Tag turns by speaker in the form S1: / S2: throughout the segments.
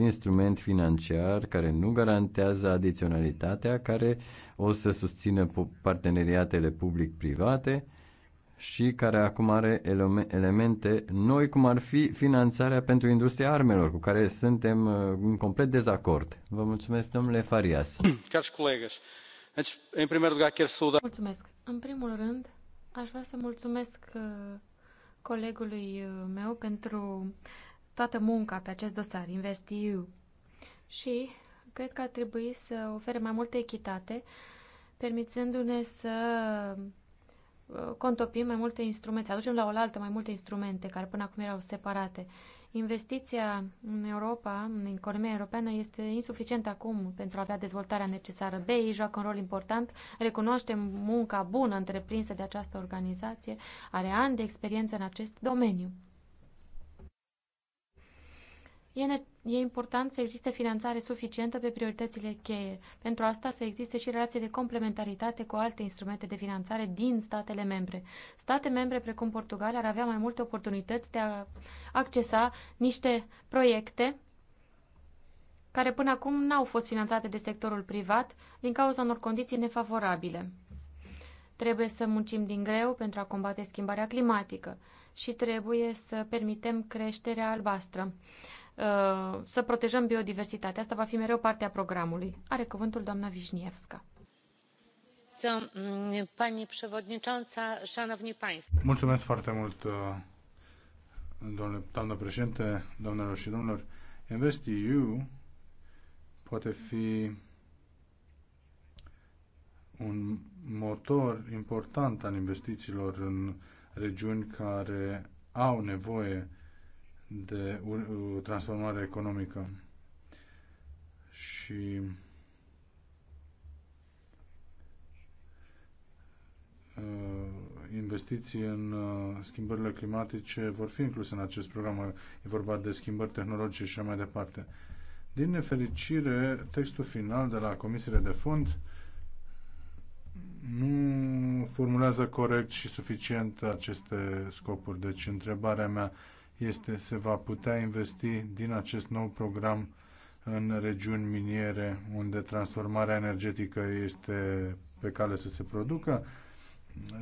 S1: instrument financiar care nu garantează adiționalitatea, care o să susțină parteneriatele public-private și care acum are elemente noi, cum ar fi finanțarea pentru industria armelor, cu care suntem uh, în complet dezacord. Vă mulțumesc, domnule Farias. în
S2: primul rând, Mulțumesc. În primul rând, aș vrea să mulțumesc uh, colegului uh, meu pentru uh, toată munca pe acest dosar, InvestEU. Și cred că ar trebui să ofere mai multă echitate, permițându-ne să uh, contopim mai multe instrumente, să aducem la oaltă mai multe instrumente care până acum erau separate. Investiția în Europa, în economia europeană, este insuficientă acum pentru a avea dezvoltarea necesară. BEI joacă un rol important, recunoaște munca bună întreprinsă de această organizație, are ani de experiență în acest domeniu. E, e important să existe finanțare suficientă pe prioritățile cheie. Pentru asta să existe și relații de complementaritate cu alte instrumente de finanțare din statele membre. State membre precum Portugalia ar avea mai multe oportunități de a accesa niște proiecte care până acum n-au fost finanțate de sectorul privat din cauza unor condiții nefavorabile. Trebuie să muncim din greu pentru a combate schimbarea climatică și trebuie să permitem creșterea albastră. Uh, să protejăm biodiversitatea. Asta va fi mereu partea programului. Are cuvântul doamna Vișnievska. Mm,
S3: Mulțumesc foarte mult, uh, doamnă președinte, doamnelor și domnilor. InvestEU poate fi un motor important al investițiilor în regiuni care au nevoie de transformare economică. Și uh, investiții în uh, schimbările climatice vor fi incluse în acest program. E vorba de schimbări tehnologice și mai departe. Din nefericire, textul final de la comisiile de fond nu formulează corect și suficient aceste scopuri. Deci, întrebarea mea este se va putea investi din acest nou program în regiuni miniere unde transformarea energetică este pe cale să se producă.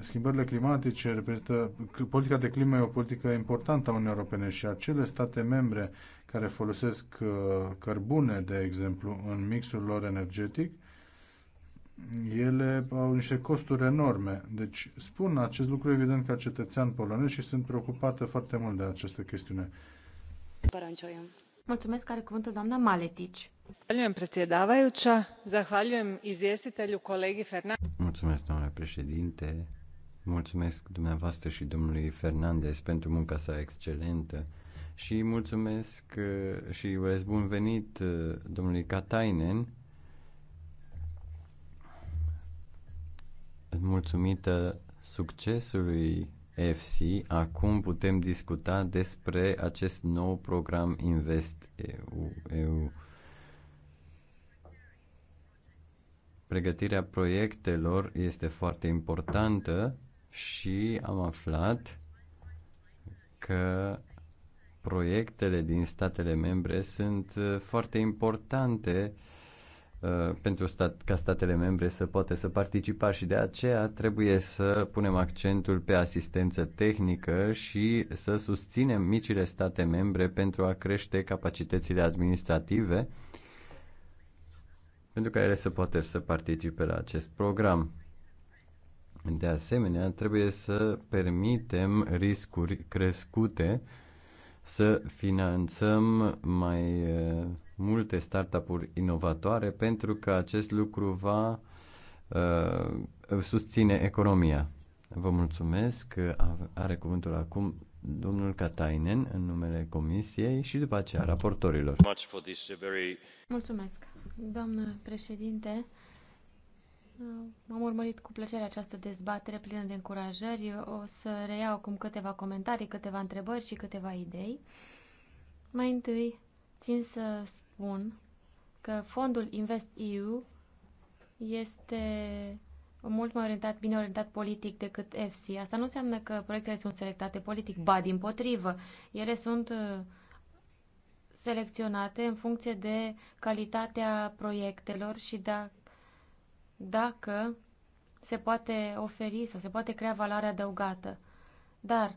S3: Schimbările climatice reprezintă. Politica de climă e o politică importantă a Uniunii Europene și acele state membre care folosesc uh, cărbune, de exemplu, în mixul lor energetic, ele au niște costuri enorme. Deci spun acest lucru evident ca cetățean polonez și sunt preocupată foarte mult de această chestiune.
S2: Mulțumesc, are cuvântul doamna Maletici.
S1: Mulțumesc, doamna președinte. Mulțumesc dumneavoastră și domnului Fernandez pentru munca sa excelentă și mulțumesc uh, și urez bun venit uh, domnului Katainen mulțumită succesului FC, acum putem discuta despre acest nou program Invest EU. EU. Pregătirea proiectelor este foarte importantă și am aflat că proiectele din statele membre sunt foarte importante uh, Uh, pentru stat, ca statele membre să poată să participa și de aceea trebuie să punem accentul pe asistență tehnică și să susținem micile state membre pentru a crește capacitățile administrative pentru ca ele să poată să participe la acest program. De asemenea, trebuie să permitem riscuri crescute să finanțăm mai uh, multe startup-uri inovatoare pentru că acest lucru va uh, susține economia. Vă mulțumesc. că Are cuvântul acum domnul Katainen în numele Comisiei și după aceea raportorilor.
S2: Mulțumesc, doamnă președinte. Am urmărit cu plăcere această dezbatere plină de încurajări. o să reiau acum câteva comentarii, câteva întrebări și câteva idei. Mai întâi, țin să spun că fondul InvestEU este mult mai orientat, bine orientat politic decât EFSI. Asta nu înseamnă că proiectele sunt selectate politic, ba din potrivă. Ele sunt uh, selecționate în funcție de calitatea proiectelor și da, dacă se poate oferi sau se poate crea valoare adăugată. Dar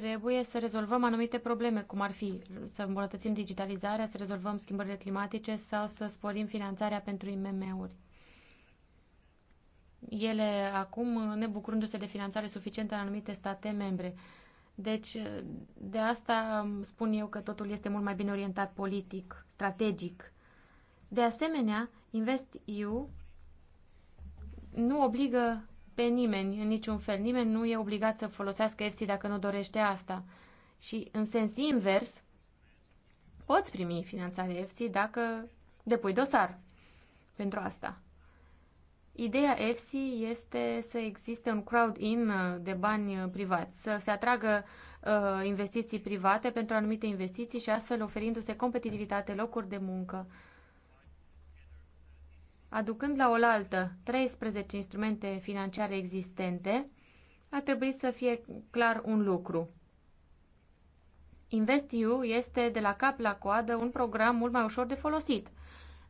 S2: trebuie să rezolvăm anumite probleme, cum ar fi să îmbunătățim digitalizarea, să rezolvăm schimbările climatice sau să sporim finanțarea pentru IMM-uri. Ele acum ne bucurându-se de finanțare suficientă în anumite state membre. Deci, de asta spun eu că totul este mult mai bine orientat politic, strategic. De asemenea, InvestEU nu obligă pe nimeni în niciun fel. Nimeni nu e obligat să folosească FC dacă nu dorește asta. Și în sens invers, poți primi finanțare FC dacă depui dosar pentru asta. Ideea FC este să existe un crowd-in uh, de bani uh, privați, să se atragă uh, investiții private pentru anumite investiții și astfel oferindu-se competitivitate, locuri de muncă aducând la oaltă 13 instrumente financiare existente, ar trebui să fie clar un lucru. InvestEU este de la cap la coadă un program mult mai ușor de folosit.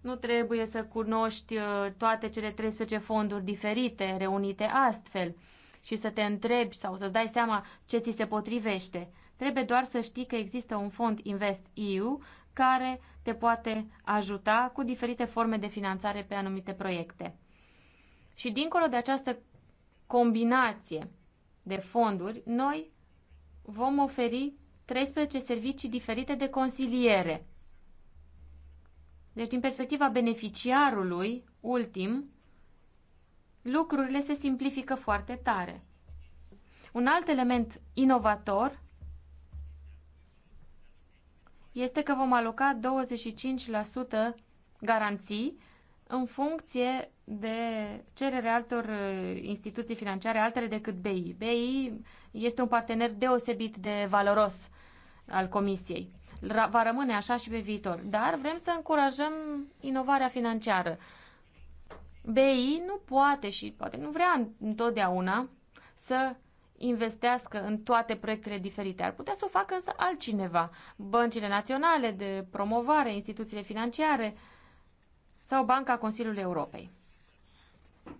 S2: Nu trebuie să cunoști uh, toate cele 13 fonduri diferite, reunite astfel, și să te întrebi sau să-ți dai seama ce ți se potrivește. Trebuie doar să știi că există un fond InvestEU care te poate ajuta cu diferite forme de finanțare pe anumite proiecte. Și dincolo de această combinație de fonduri, noi vom oferi 13 servicii diferite de consiliere. Deci, din perspectiva beneficiarului ultim, lucrurile se simplifică foarte tare. Un alt element inovator este că vom aloca 25% garanții în funcție de cererea altor uh, instituții financiare, altele decât BI. BI este un partener deosebit de valoros al Comisiei. Va rămâne așa și pe viitor. Dar vrem să încurajăm inovarea financiară. BI nu poate și poate nu vrea întotdeauna să investească în toate proiectele diferite. Ar putea să o facă însă altcineva. Băncile naționale de promovare, instituțiile financiare sau Banca Consiliului Europei.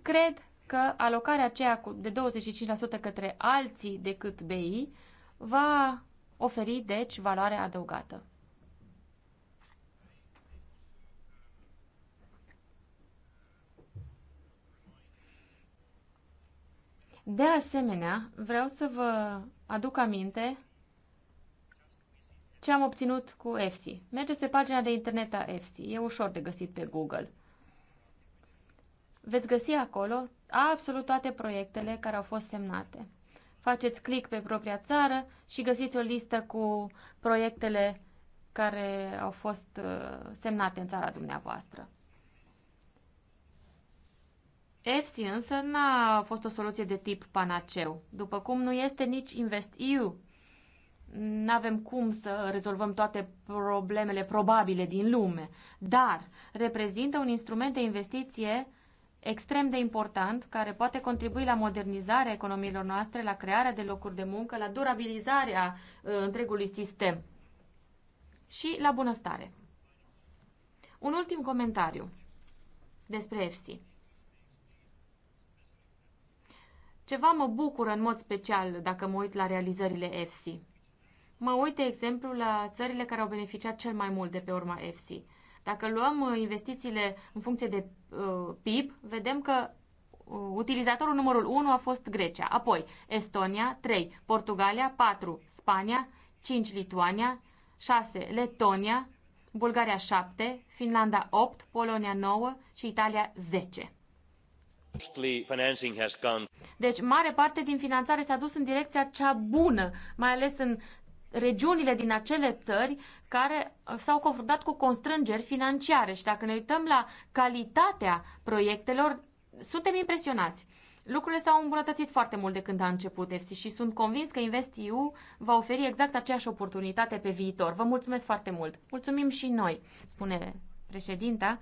S2: Cred că alocarea aceea de 25% către alții decât BI va oferi, deci, valoare adăugată. De asemenea, vreau să vă aduc aminte ce am obținut cu EFSI. Mergeți pe pagina de internet a EFSI, e ușor de găsit pe Google. Veți găsi acolo absolut toate proiectele care au fost semnate. Faceți click pe propria țară și găsiți o listă cu proiectele care au fost uh, semnate în țara dumneavoastră. EFSI însă n-a fost o soluție de tip panaceu, după cum nu este nici InvestEU. Nu avem cum să rezolvăm toate problemele probabile din lume, dar reprezintă un instrument de investiție extrem de important care poate contribui la modernizarea economiilor noastre, la crearea de locuri de muncă, la durabilizarea uh, întregului sistem și la bunăstare. Un ultim comentariu despre EFSI. Ceva mă bucură în mod special dacă mă uit la realizările EFSI. Mă uit, de exemplu, la țările care au beneficiat cel mai mult de pe urma EFSI. Dacă luăm uh, investițiile în funcție de uh, PIB, vedem că uh, utilizatorul numărul 1 a fost Grecia, apoi Estonia 3, Portugalia 4, Spania 5, Lituania 6, Letonia, Bulgaria 7, Finlanda 8, Polonia 9 și Italia 10. Deci, mare parte din finanțare s-a dus în direcția cea bună, mai ales în regiunile din acele țări care uh, s-au confruntat cu constrângeri financiare. Și dacă ne uităm la calitatea proiectelor, suntem impresionați. Lucrurile s-au îmbunătățit foarte mult de când a început EFSI și sunt convins că InvestEU va oferi exact aceeași oportunitate pe viitor. Vă mulțumesc foarte mult! Mulțumim și noi, spune președinta.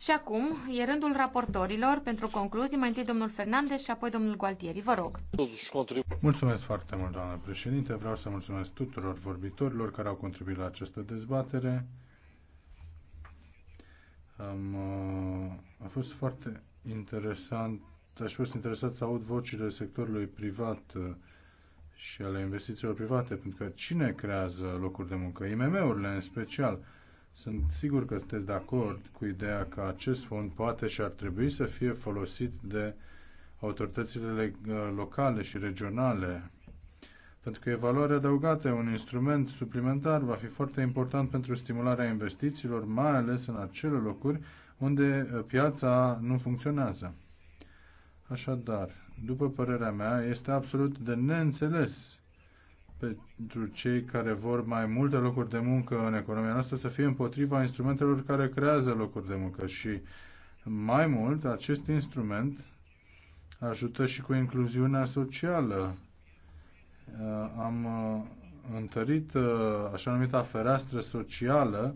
S2: Și acum e rândul raportorilor pentru concluzii, mai întâi domnul Fernandez și apoi domnul Gualtieri. Vă rog.
S3: Mulțumesc foarte mult, doamnă președinte. Vreau să mulțumesc tuturor vorbitorilor care au contribuit la această dezbatere. Am, uh, a fost foarte interesant, aș fost interesat să aud vocile sectorului privat uh, și ale investițiilor private, pentru că cine creează locuri de muncă? IMM-urile în special sunt sigur că sunteți de acord cu ideea că acest fond poate și ar trebui să fie folosit de autoritățile locale și regionale, pentru că evaluarea adăugată, un instrument suplimentar, va fi foarte important pentru stimularea investițiilor, mai ales în acele locuri unde uh, piața nu funcționează. Așadar, după părerea mea, este absolut de neînțeles pentru cei care vor mai multe locuri de muncă în economia noastră să fie împotriva instrumentelor care creează locuri de muncă și mai mult, acest instrument ajută și cu incluziunea socială. Uh, am uh, întărit uh, așa numita fereastră socială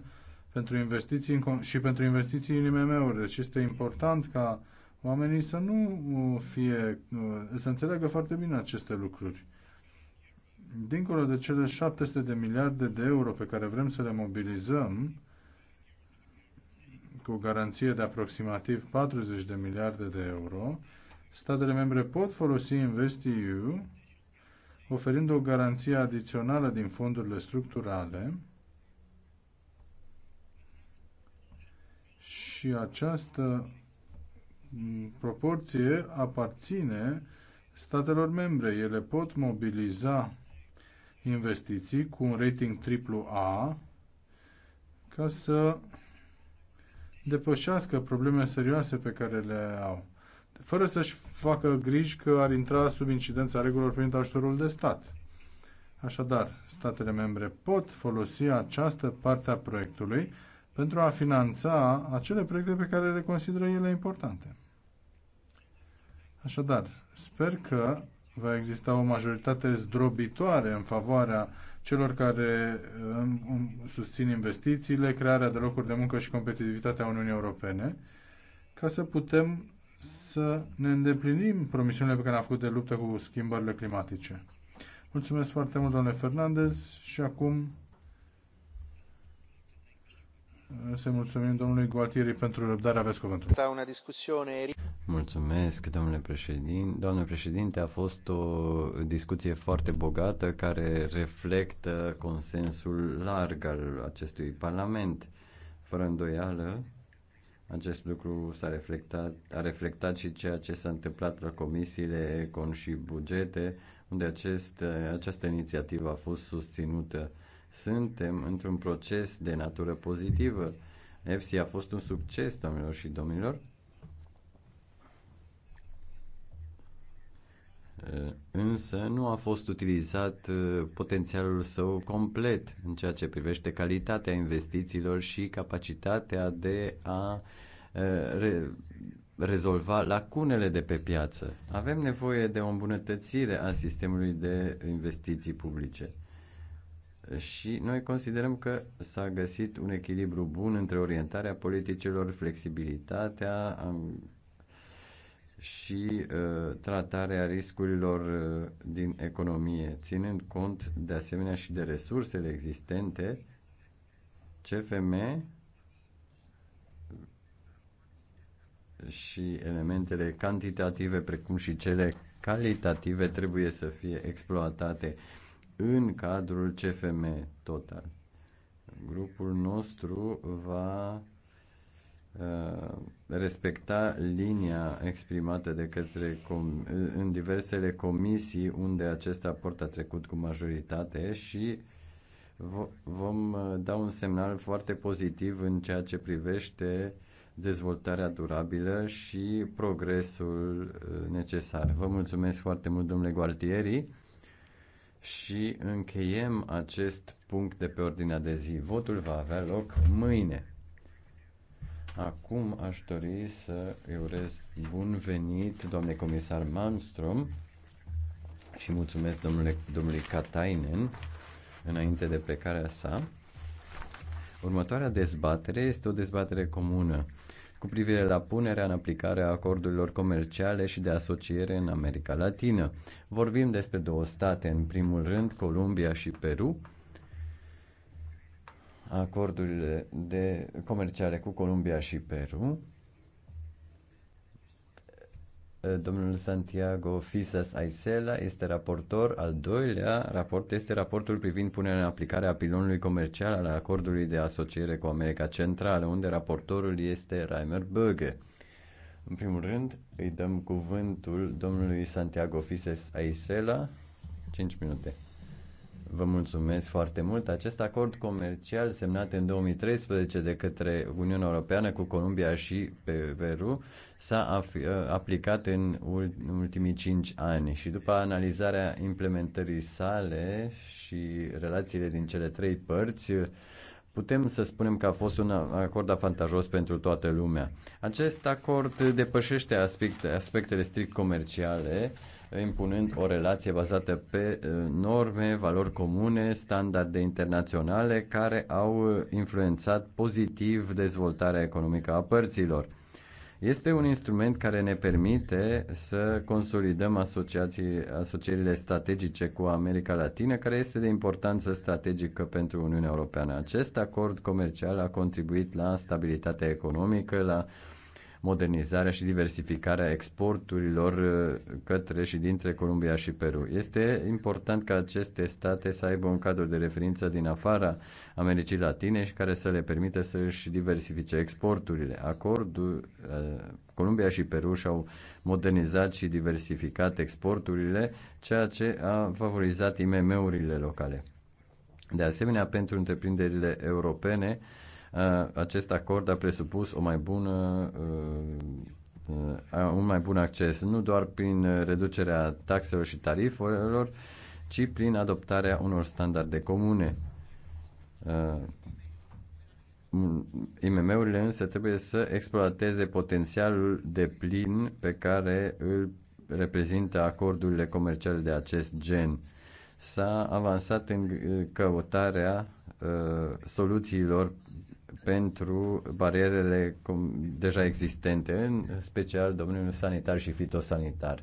S3: pentru investiții și pentru investiții în IMM-uri. Deci este important ca oamenii să nu fie, să înțeleagă foarte bine aceste lucruri dincolo de cele 700 de miliarde de euro pe care vrem să le mobilizăm, cu o garanție de aproximativ 40 de miliarde de euro, statele membre pot folosi InvestEU oferind o garanție adițională din fondurile structurale și această mm, proporție aparține statelor membre. Ele pot mobiliza investiții cu un rating AAA ca să depășească probleme serioase pe care le au, fără să-și facă griji că ar intra sub incidența regulilor prin ajutorul de stat. Așadar, statele membre pot folosi această parte a proiectului pentru a finanța acele proiecte pe care le consideră ele importante. Așadar, sper că va exista o majoritate zdrobitoare în favoarea celor care susțin investițiile, crearea de locuri de muncă și competitivitatea Uniunii Europene, ca să putem să ne îndeplinim promisiunile pe care le-am făcut de luptă cu schimbările climatice. Mulțumesc foarte mult, domnule Fernandez, și acum să mulțumim domnului Gualtieri pentru răbdare. Aveți cuvântul. Da, una discuțiune.
S1: Mulțumesc, domnule președinte. domnule președinte, a fost o discuție foarte bogată care reflectă consensul larg al acestui parlament. Fără îndoială, acest lucru s-a reflectat, a reflectat și ceea ce s-a întâmplat la comisiile con și Bugete, unde acest, această inițiativă a fost susținută suntem într-un proces de natură pozitivă. EFSI a fost un succes, domnilor și domnilor. Eh, însă nu a fost utilizat eh, potențialul său complet în ceea ce privește calitatea investițiilor și capacitatea de a eh, re- rezolva lacunele de pe piață. Avem nevoie de o îmbunătățire a sistemului de investiții publice și noi considerăm că s-a găsit un echilibru bun între orientarea politicilor, flexibilitatea și uh, tratarea riscurilor uh, din economie, ținând cont de asemenea și de resursele existente, CFM și elementele cantitative precum și cele calitative trebuie să fie exploatate uh, în cadrul CFM total. Grupul nostru va uh, respecta linia exprimată de către com- în diversele comisii unde acest raport a trecut cu majoritate și vom uh, da un semnal foarte pozitiv în ceea ce privește dezvoltarea durabilă și progresul uh, necesar. Vă mulțumesc foarte mult, domnule Gualtieri și încheiem acest punct de pe ordinea de zi. Votul va avea loc mâine. Acum aș dori să îi urez bun venit doamnei comisar Malmström și mulțumesc domnule, domnului Katainen înainte de plecarea sa. Următoarea dezbatere este o dezbatere comună cu privire la punerea în aplicare a acordurilor comerciale și de asociere în America Latină. Vorbim despre două state, în primul rând Columbia și Peru. Acordurile de comerciale cu Columbia și Peru Domnul Santiago Fisas Aisela este raportor. Al doilea raport este raportul privind punerea în aplicare a pilonului comercial al acordului de asociere cu America Centrală, unde raportorul este Reimer Böge. În primul rând, îi dăm cuvântul domnului Santiago Fisas Aisela. 5 minute. Vă mulțumesc foarte mult. Acest acord comercial semnat în 2013 de către Uniunea Europeană cu Columbia și Peru s-a uh, aplicat în ultimii 5 ani și după analizarea implementării sale și relațiile din cele trei părți, putem să spunem că a fost un acord avantajos pentru toată lumea. Acest acord depășește aspecte, aspectele strict comerciale impunând o relație bazată pe uh, norme, valori comune, standarde internaționale care au uh, influențat pozitiv dezvoltarea economică a părților. Este un instrument care ne permite să consolidăm asociații, asocierile strategice cu America Latină, care este de importanță strategică pentru Uniunea Europeană. Acest acord comercial a contribuit la stabilitatea economică, la uh, modernizarea și diversificarea exporturilor uh, către și dintre Columbia și Peru. Este important ca aceste state să aibă un cadru de referință din afara Americii Latine și care să le permită să își diversifice exporturile. Acordul uh, Columbia și Peru și-au modernizat și diversificat exporturile, ceea ce a favorizat IMM-urile locale. De asemenea, pentru întreprinderile europene, uh, acest acord a presupus o mai bună un mai bun acces, nu doar prin reducerea taxelor și tarifelor, ci prin adoptarea unor standarde comune. IMM-urile însă trebuie să exploateze potențialul de plin pe care îl reprezintă acordurile comerciale de acest gen. S-a avansat în uh, căutarea uh, soluțiilor pentru barierele deja existente, în special domeniul sanitar și fitosanitar.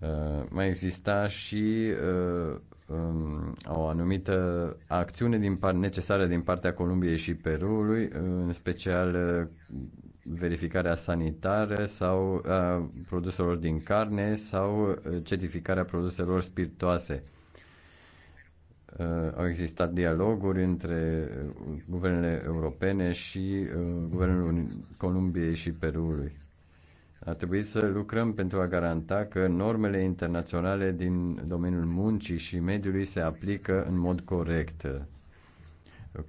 S1: Uh, mai exista și uh, um, o anumită acțiune din par- necesară din partea Columbiei și Perului, uh, în special verificarea sanitară sau a produselor din carne sau certificarea produselor spiritoase Uh, au existat dialoguri între uh, guvernele europene și uh, guvernul Columbiei și Perului. A trebuit să lucrăm pentru a garanta că normele internaționale din domeniul muncii și mediului se aplică în mod corect.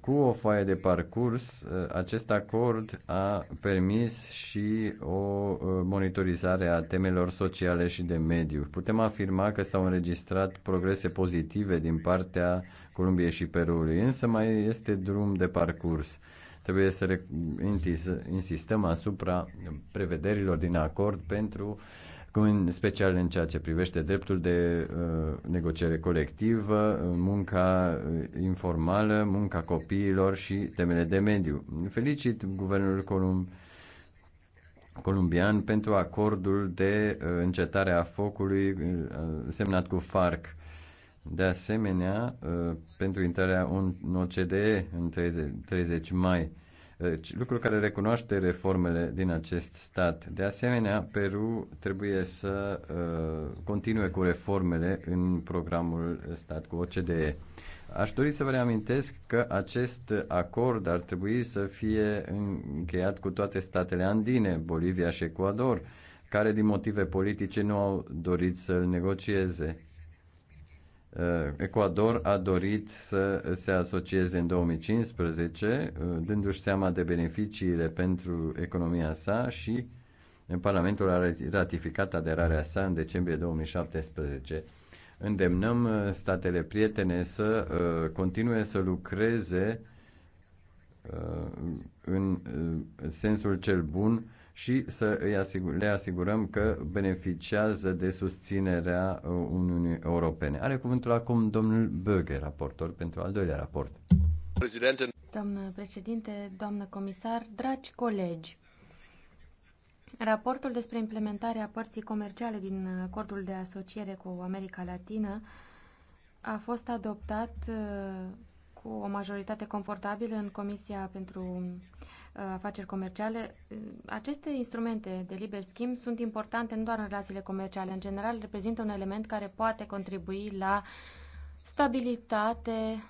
S1: Cu o foaie de parcurs, ă, acest acord a permis și o ă, monitorizare a temelor sociale și de mediu. Putem afirma că s-au înregistrat progrese pozitive din partea Columbiei și Perului, însă mai este drum de parcurs. Trebuie să insistăm asupra prevederilor din acord pentru uh, în special în ceea ce privește dreptul de uh, negociere colectivă, munca uh, informală, munca copiilor și temele de mediu. Felicit guvernul Columb columbian pentru acordul de uh, încetare a focului uh, semnat cu FARC. De asemenea, uh, pentru intrarea în OCDE în 30, 30 mai. Uh, deci, lucru care recunoaște reformele din acest stat. De asemenea, Peru trebuie să uh, continue cu reformele în programul stat cu OCDE. Aș dori să vă reamintesc că acest acord ar trebui să fie încheiat cu toate statele andine, Bolivia și Ecuador, care din motive politice nu au dorit să-l negocieze. Uh, Ecuador a dorit să se asocieze în 2015, uh, dându-și seama de beneficiile pentru economia sa și în Parlamentul a ratificat aderarea sa în decembrie 2017. Îndemnăm uh, statele prietene să continue să lucreze în sensul cel bun și să le asigurăm că beneficiază de susținerea uh, Uniunii Europene. Are cuvântul acum domnul Böge, raportor pentru al doilea raport.
S3: Președinte.
S2: Doamnă președinte, doamnă comisar, dragi colegi, raportul despre implementarea părții comerciale din acordul de asociere cu America Latină a fost adoptat uh, cu o majoritate confortabilă în Comisia pentru uh, Afaceri Comerciale. Aceste instrumente de liber schimb sunt importante nu doar în relațiile comerciale, în general reprezintă un element care poate contribui la stabilitate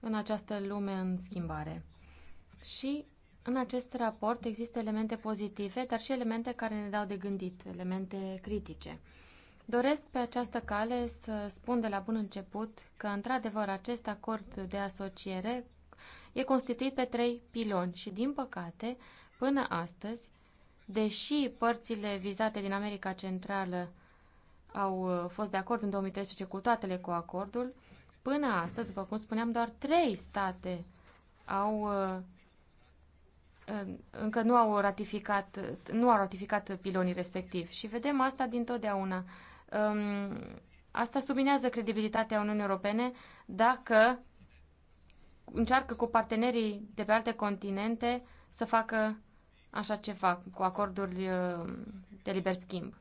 S2: în această lume în schimbare. Și în acest raport există elemente pozitive, dar și elemente care ne dau de gândit, elemente critice. Doresc pe această cale să spun de la bun început că, într-adevăr, acest acord de asociere e constituit pe trei piloni și, din păcate, până astăzi, deși părțile vizate din America Centrală au uh, fost de acord în 2013 cu toatele cu acordul, până astăzi, după cum spuneam, doar trei state au uh, încă nu au ratificat, nu au ratificat pilonii respectivi și vedem asta din totdeauna. Um, asta subminează credibilitatea Uniunii Europene dacă încearcă cu partenerii de pe alte continente să facă așa ceva cu acorduri uh, de liber schimb.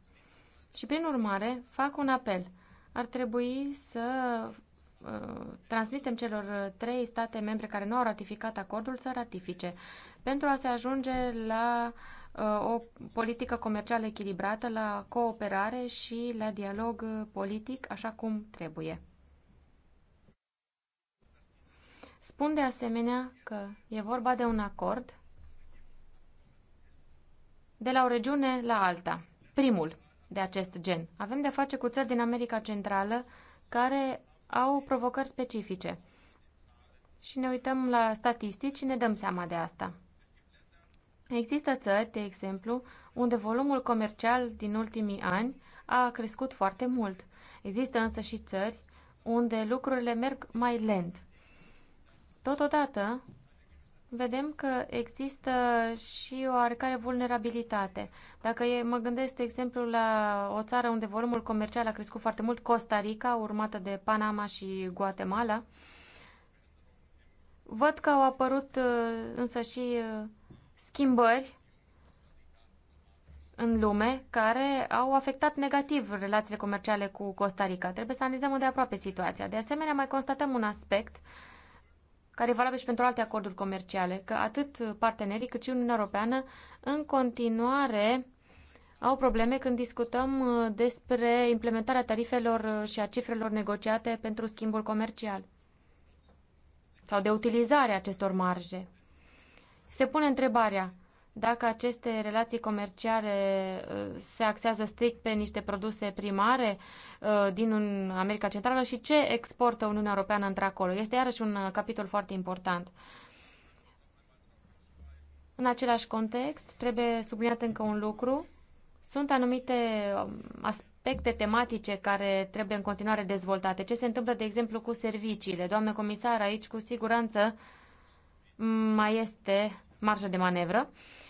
S2: Și prin urmare, fac un apel. Ar trebui să uh, transmitem celor trei state membre care nu au ratificat acordul să ratifice pentru a se ajunge la uh, Uh, o politică comercială echilibrată, la cooperare și la dialog politic așa cum trebuie. Spun de asemenea că e vorba de un acord de la o regiune la alta. Primul de acest gen. Avem de-a face cu țări din America Centrală care au provocări specifice. Și ne uităm la statistici și ne dăm seama de asta. Există țări, de exemplu, unde volumul comercial din ultimii ani a crescut foarte mult. Există însă și țări unde lucrurile merg mai lent. Totodată, vedem că există și o oarecare vulnerabilitate. Dacă e, mă gândesc, de exemplu, la o țară unde volumul comercial a crescut foarte mult, Costa Rica, urmată de Panama și Guatemala, văd că au apărut uh, însă și uh, schimbări în lume care au afectat negativ relațiile comerciale cu Costa Rica. Trebuie să analizăm de aproape situația. De asemenea, mai constatăm un aspect care e valabil și pentru alte acorduri comerciale, că atât partenerii cât și Uniunea Europeană în continuare au probleme când discutăm uh, despre implementarea tarifelor uh, și a cifrelor negociate pentru schimbul comercial sau de utilizarea acestor marje. Se pune întrebarea dacă aceste relații comerciale uh, se axează strict pe niște produse primare uh, din America Centrală și ce exportă Uniunea Europeană într-acolo. Este iarăși un uh, capitol foarte important. În același context, trebuie subliniat încă un lucru. Sunt anumite um, aspecte tematice care trebuie în continuare dezvoltate. Ce se întâmplă, de exemplu, cu serviciile? Doamnă comisar, aici cu siguranță uh, mai este marjă de manevră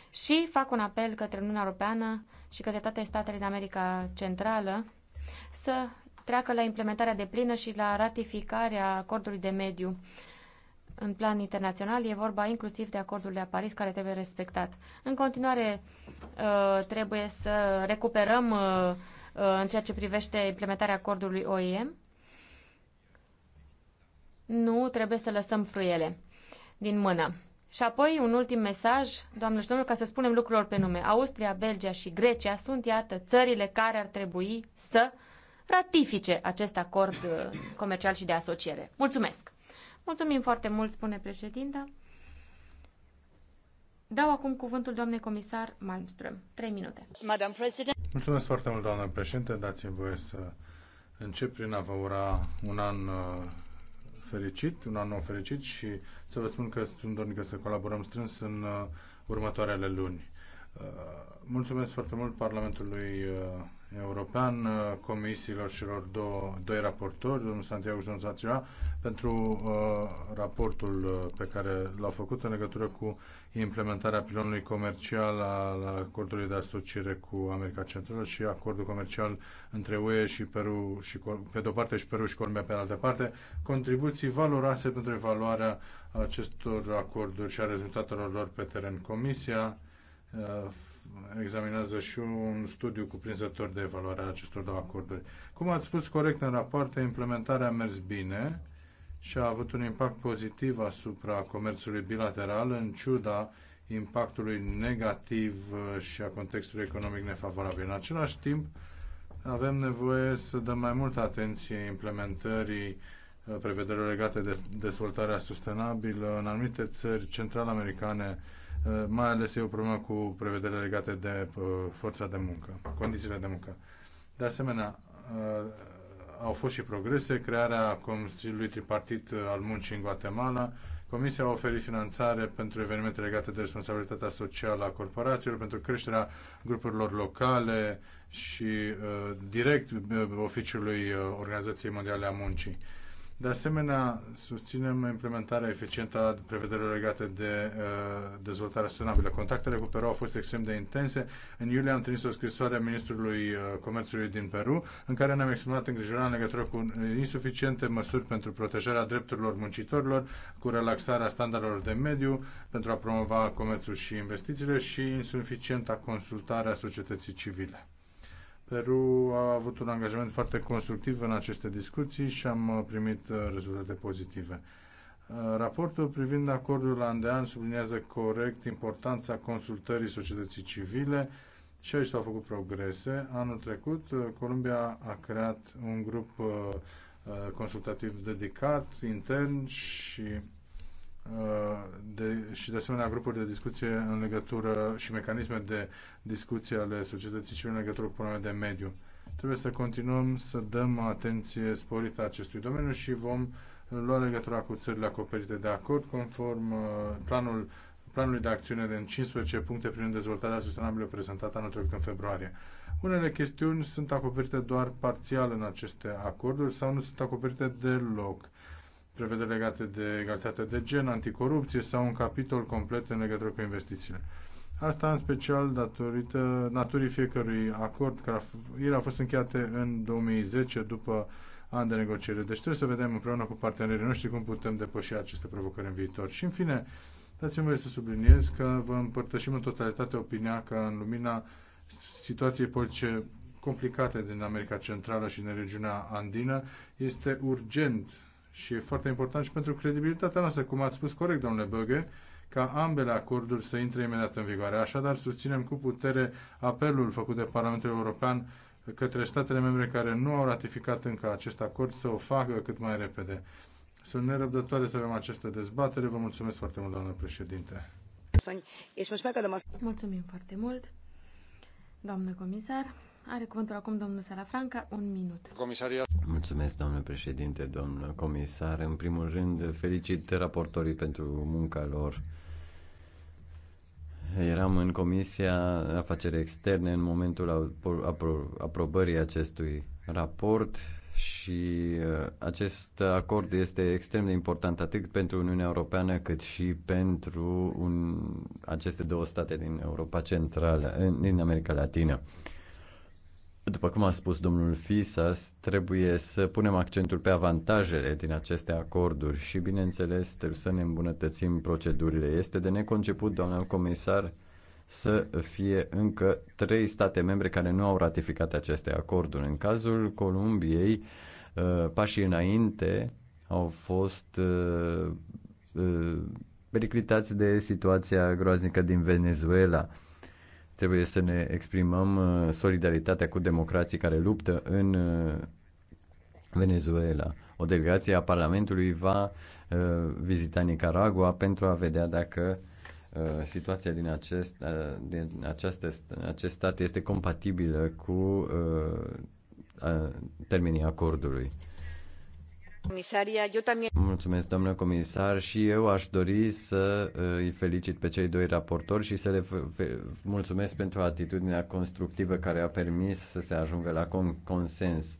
S2: și fac un apel către Uniunea Europeană și către toate statele din America Centrală să treacă la implementarea de plină și la ratificarea acordului de mediu. În plan internațional e vorba inclusiv de acordul de la Paris care trebuie respectat. În continuare uh, trebuie să recuperăm uh, uh, în ceea ce privește implementarea acordului OIM. Nu trebuie să lăsăm fruiele din mână. Și apoi un ultim mesaj, doamnă și domnul, ca să spunem lucrurilor pe nume. Austria, Belgia și Grecia sunt, iată, țările care ar trebui să ratifice acest acord uh, comercial și de asociere. Mulțumesc! Mulțumim foarte mult, spune președinta. Dau acum cuvântul doamnei comisar Malmström. Trei minute.
S3: Mulțumesc foarte mult, doamnă președinte. Dați-mi voie să încep prin a vă ura un an uh, fericit, un an nou fericit și să vă spun că sunt dornică să colaborăm strâns în uh, următoarele luni. Uh, mulțumesc foarte mult Parlamentului uh, European, uh, comisiilor celor două, doi raportori, domnul Santiago și domnul Zancioa, pentru uh, raportul uh, pe care l-au făcut în legătură cu implementarea pilonului comercial al acordului de asociere cu America Centrală și acordul comercial între UE și Peru, și, pe de-o parte și Peru și Colombia pe altă parte, contribuții valoroase pentru evaluarea acestor acorduri și a rezultatelor lor pe teren. Comisia uh, examinează și un studiu cuprinzător de evaluare a acestor două acorduri. Cum ați spus corect în rapoarte, implementarea a mers bine și a avut un impact pozitiv asupra comerțului bilateral, în ciuda impactului negativ uh, și a contextului economic nefavorabil. În același timp, avem nevoie să dăm mai multă atenție implementării uh, prevederilor legate de dezvoltarea sustenabilă în anumite țări central-americane Eh, mai ales e o problemă cu prevederile legate de eh, forța de muncă, condițiile de muncă. De asemenea, eh, au fost și progrese, crearea Consiliului Tripartit al Muncii în Guatemala, Comisia a oferit finanțare pentru evenimente legate de responsabilitatea socială a corporațiilor, pentru creșterea grupurilor locale și uh, direct uh, oficiului uh, Organizației Mondiale a Muncii. Uh, de asemenea, susținem implementarea eficientă a prevederilor legate de uh, dezvoltarea sustenabilă. Contactele cu Peru au fost extrem de intense. În iulie am trimis o scrisoare a Ministrului uh, Comerțului din Peru, în care ne-am exprimat îngrijorarea în legătură cu insuficiente măsuri pentru protejarea drepturilor muncitorilor, cu relaxarea standardelor de mediu pentru a promova comerțul și investițiile și insuficienta consultare a societății civile. Peru a avut un angajament foarte constructiv în aceste discuții și am uh, primit uh, rezultate pozitive. Uh, raportul privind acordul andean subliniază corect importanța consultării societății civile și aici s-au făcut progrese. Anul trecut, Columbia a creat un grup consultativ dedicat, intern și de, și de asemenea grupuri de discuție în legătură și mecanisme de discuție ale societății civile în legătură cu probleme de mediu. Trebuie să continuăm să dăm atenție sporită acestui domeniu și vom lua legătura cu țările acoperite de acord conform uh, planul, planului de acțiune din 15 puncte prin dezvoltarea sustenabilă prezentată anul trecut în februarie. Unele chestiuni sunt acoperite doar parțial în aceste acorduri sau nu sunt acoperite deloc prevederi legate de egalitatea de gen, anticorupție sau un capitol complet în legătură cu investițiile. Asta în special datorită naturii fiecărui acord care a ele a fost încheiate în 2010 după ani de negociere. Deci trebuie să vedem împreună cu partenerii noștri cum putem depăși aceste provocări în viitor. Și în fine, dați-mi voie să subliniez că vă împărtășim în totalitate opinia că în lumina situației politice complicate din America Centrală și din regiunea andină, este urgent și e foarte important și pentru credibilitatea noastră, cum ați spus corect, domnule Băgă, ca ambele acorduri să intre imediat în vigoare. Așadar, susținem cu putere apelul făcut de Parlamentul European către statele membre care nu au ratificat încă acest acord să o facă cât mai repede. Sunt nerăbdătoare să avem această dezbatere. Vă mulțumesc foarte mult, doamnă
S1: președinte.
S2: Mulțumim foarte mult, doamnă comisar. Are cuvântul acum domnul Franca un minut.
S1: Comisaria. Mulțumesc, domnule președinte, domnule comisar. În primul rând, felicit raportorii pentru munca lor. Eram în Comisia Afaceri Externe în momentul apro- aprobării acestui raport și uh, acest acord este extrem de important atât pentru Uniunea Europeană cât și pentru un, aceste două state din Europa Centrală, din America Latină. După cum a spus domnul Fisas, trebuie să punem accentul pe avantajele din aceste acorduri și, bineînțeles, trebuie să ne îmbunătățim procedurile. Este de neconceput, doamna comisar, să fie încă trei state membre care nu au ratificat aceste acorduri. În cazul Columbiei, uh, pașii înainte au fost uh, uh, periclitați de situația groaznică din Venezuela. Trebuie să ne exprimăm uh, solidaritatea cu democrații care luptă în uh, Venezuela. O delegație a Parlamentului va uh, vizita Nicaragua pentru a vedea dacă situația din acest, din această, acest stat este compatibilă cu termenii acordului. Mulțumesc, doamnă comisar, și eu aș dori să uh, îi felicit pe cei doi raportori și să le mulțumesc pentru atitudinea constructivă care a permis să se ajungă la consens.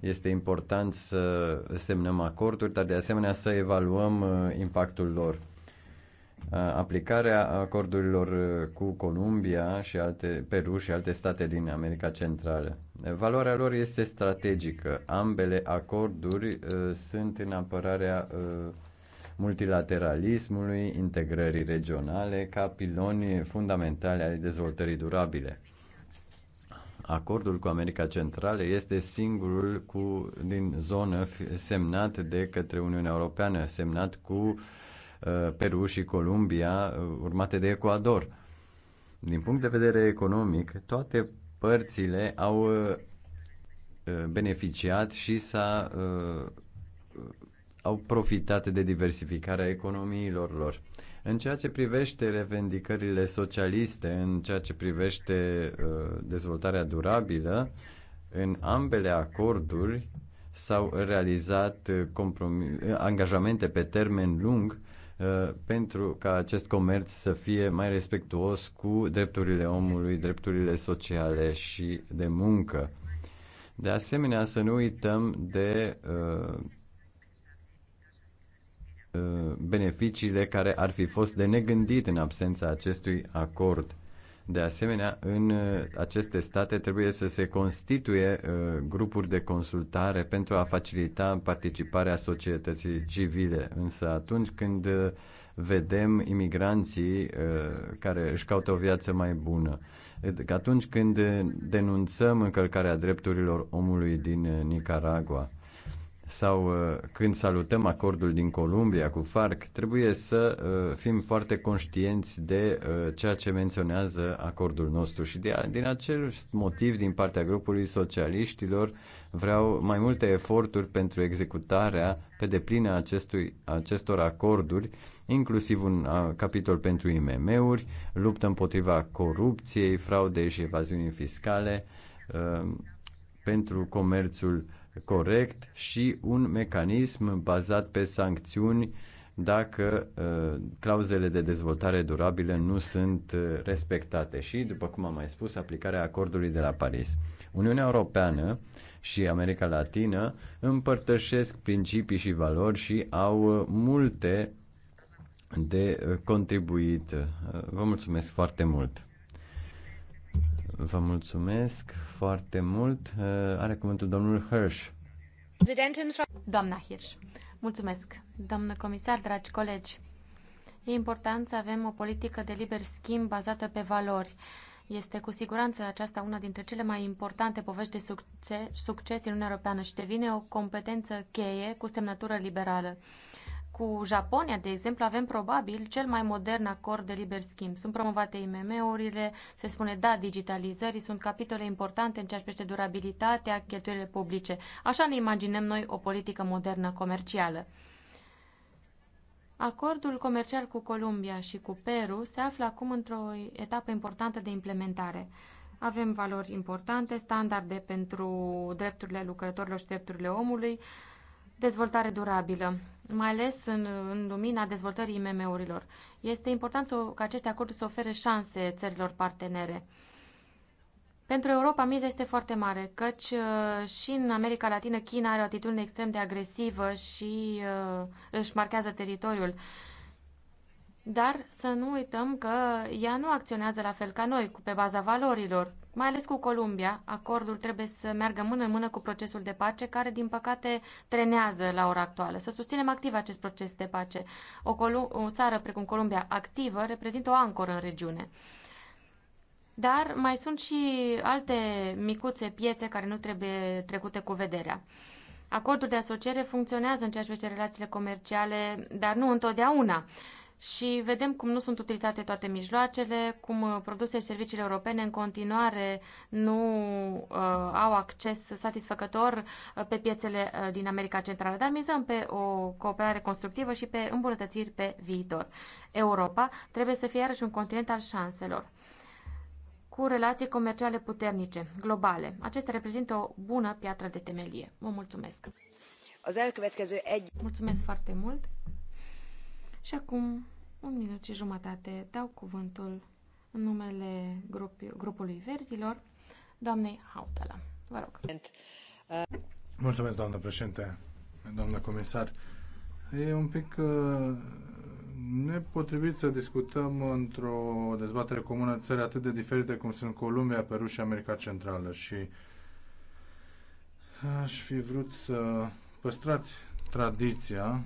S1: Este important să semnăm acorduri, dar de asemenea să evaluăm uh, impactul lor aplicarea acordurilor cu Columbia și alte Peru și alte state din America Centrală. Valoarea lor este strategică. Ambele acorduri uh, sunt în apărarea uh, multilateralismului, integrării regionale, ca piloni fundamentale ale dezvoltării durabile. Acordul cu America Centrală este singurul cu, din zonă semnat de către Uniunea Europeană, semnat cu uh, Uh, Peru și Columbia, uh, urmate de Ecuador. Din punct de vedere economic, toate părțile au uh, beneficiat și s-a, au profitat de diversificarea economiilor lor. În ceea ce privește revendicările socialiste, în ceea ce privește dezvoltarea durabilă, în ambele acorduri s-au realizat angajamente pe termen lung Uh, pentru ca acest comerț să fie mai respectuos cu drepturile omului, drepturile sociale și de muncă. De asemenea, să nu uităm de uh, uh beneficiile care ar fi fost de negândit în absența acestui acord de asemenea, în uh, aceste state trebuie să se constituie uh, grupuri de consultare pentru a facilita participarea societății civile. Însă atunci când uh, vedem imigranții care își caută o viață mai bună, atunci când denunțăm încălcarea drepturilor omului din Nicaragua, sau uh, când salutăm acordul din Columbia cu FARC, trebuie să uh, fim foarte conștienți de uh, ceea ce menționează acordul nostru și de, din acel motiv, din partea grupului socialiștilor, vreau mai multe eforturi pentru executarea pe deplină acestui, acestor acorduri, inclusiv un a, capitol pentru IMM-uri, luptă împotriva corupției, fraudei și evaziunii fiscale, uh, pentru comerțul corect și un mecanism bazat pe sancțiuni dacă uh, clauzele de dezvoltare durabilă nu sunt uh, respectate și, după cum am mai spus, aplicarea acordului de la Paris. Uniunea Europeană și America Latină împărtășesc principii și valori și au uh, multe de uh, contribuit. Uh, vă mulțumesc foarte mult! Vă mulțumesc foarte mult. Eh, are cuvântul domnul Hirsch.
S2: Doamna Hirsch, mulțumesc. Doamnă comisar, dragi colegi, e important să avem o politică de liber schimb bazată pe valori. Este cu siguranță aceasta una dintre cele mai importante povești de succes, succes în Uniunea Europeană și devine o competență cheie cu semnătură liberală. Cu Japonia, de exemplu, avem probabil cel mai modern acord de liber schimb. Sunt promovate IMM-urile, se spune da digitalizării, sunt capitole importante în ceea ce privește durabilitatea, cheltuielile publice. Așa ne imaginăm noi o politică modernă comercială. Acordul comercial cu Columbia și cu Peru se află acum într-o etapă importantă de implementare. Avem valori importante, standarde pentru drepturile lucrătorilor și drepturile omului, dezvoltare durabilă, mai ales în, în lumina dezvoltării IMM-urilor. Este important să, ca aceste acorduri să ofere șanse țărilor partenere. Pentru Europa, miza este foarte mare, căci uh, și în America Latină China are o atitudine extrem de agresivă și uh, își marchează teritoriul. Uh, dar să nu uităm că ea nu acționează la fel ca noi, pe baza valorilor. Mai ales cu Columbia, acordul trebuie să meargă mână în mână cu procesul de pace, care, din păcate, trenează la ora actuală. Să susținem activ acest proces de pace. O, o țară precum Columbia activă reprezintă o ancoră în regiune. Dar mai sunt și alte micuțe piețe care nu trebuie trecute cu vederea. Acordul de asociere funcționează în ceea ce relațiile comerciale, dar nu întotdeauna. Uh, și vedem cum nu sunt utilizate toate mijloacele, cum uh, produsele și serviciile europene în continuare nu uh, au acces satisfăcător uh, pe piețele uh, din America Centrală, dar mizăm pe o cooperare constructivă și pe îmbunătățiri pe viitor. Europa trebuie să fie iarăși un continent al șanselor cu relații comerciale puternice, globale. Acestea reprezintă o bună piatră de temelie. Vă mulțumesc! Mulțumesc foarte mult! Și acum, un minut și jumătate, dau cuvântul în numele grupi, grupului Verzilor, doamnei Hautala. Vă rog.
S3: Mulțumesc, doamnă președinte, doamnă comisar. E un pic uh, nepotrivit să discutăm într-o dezbatere comună țări atât de diferite cum sunt Columbia, Peru și America Centrală și aș fi vrut să păstrați tradiția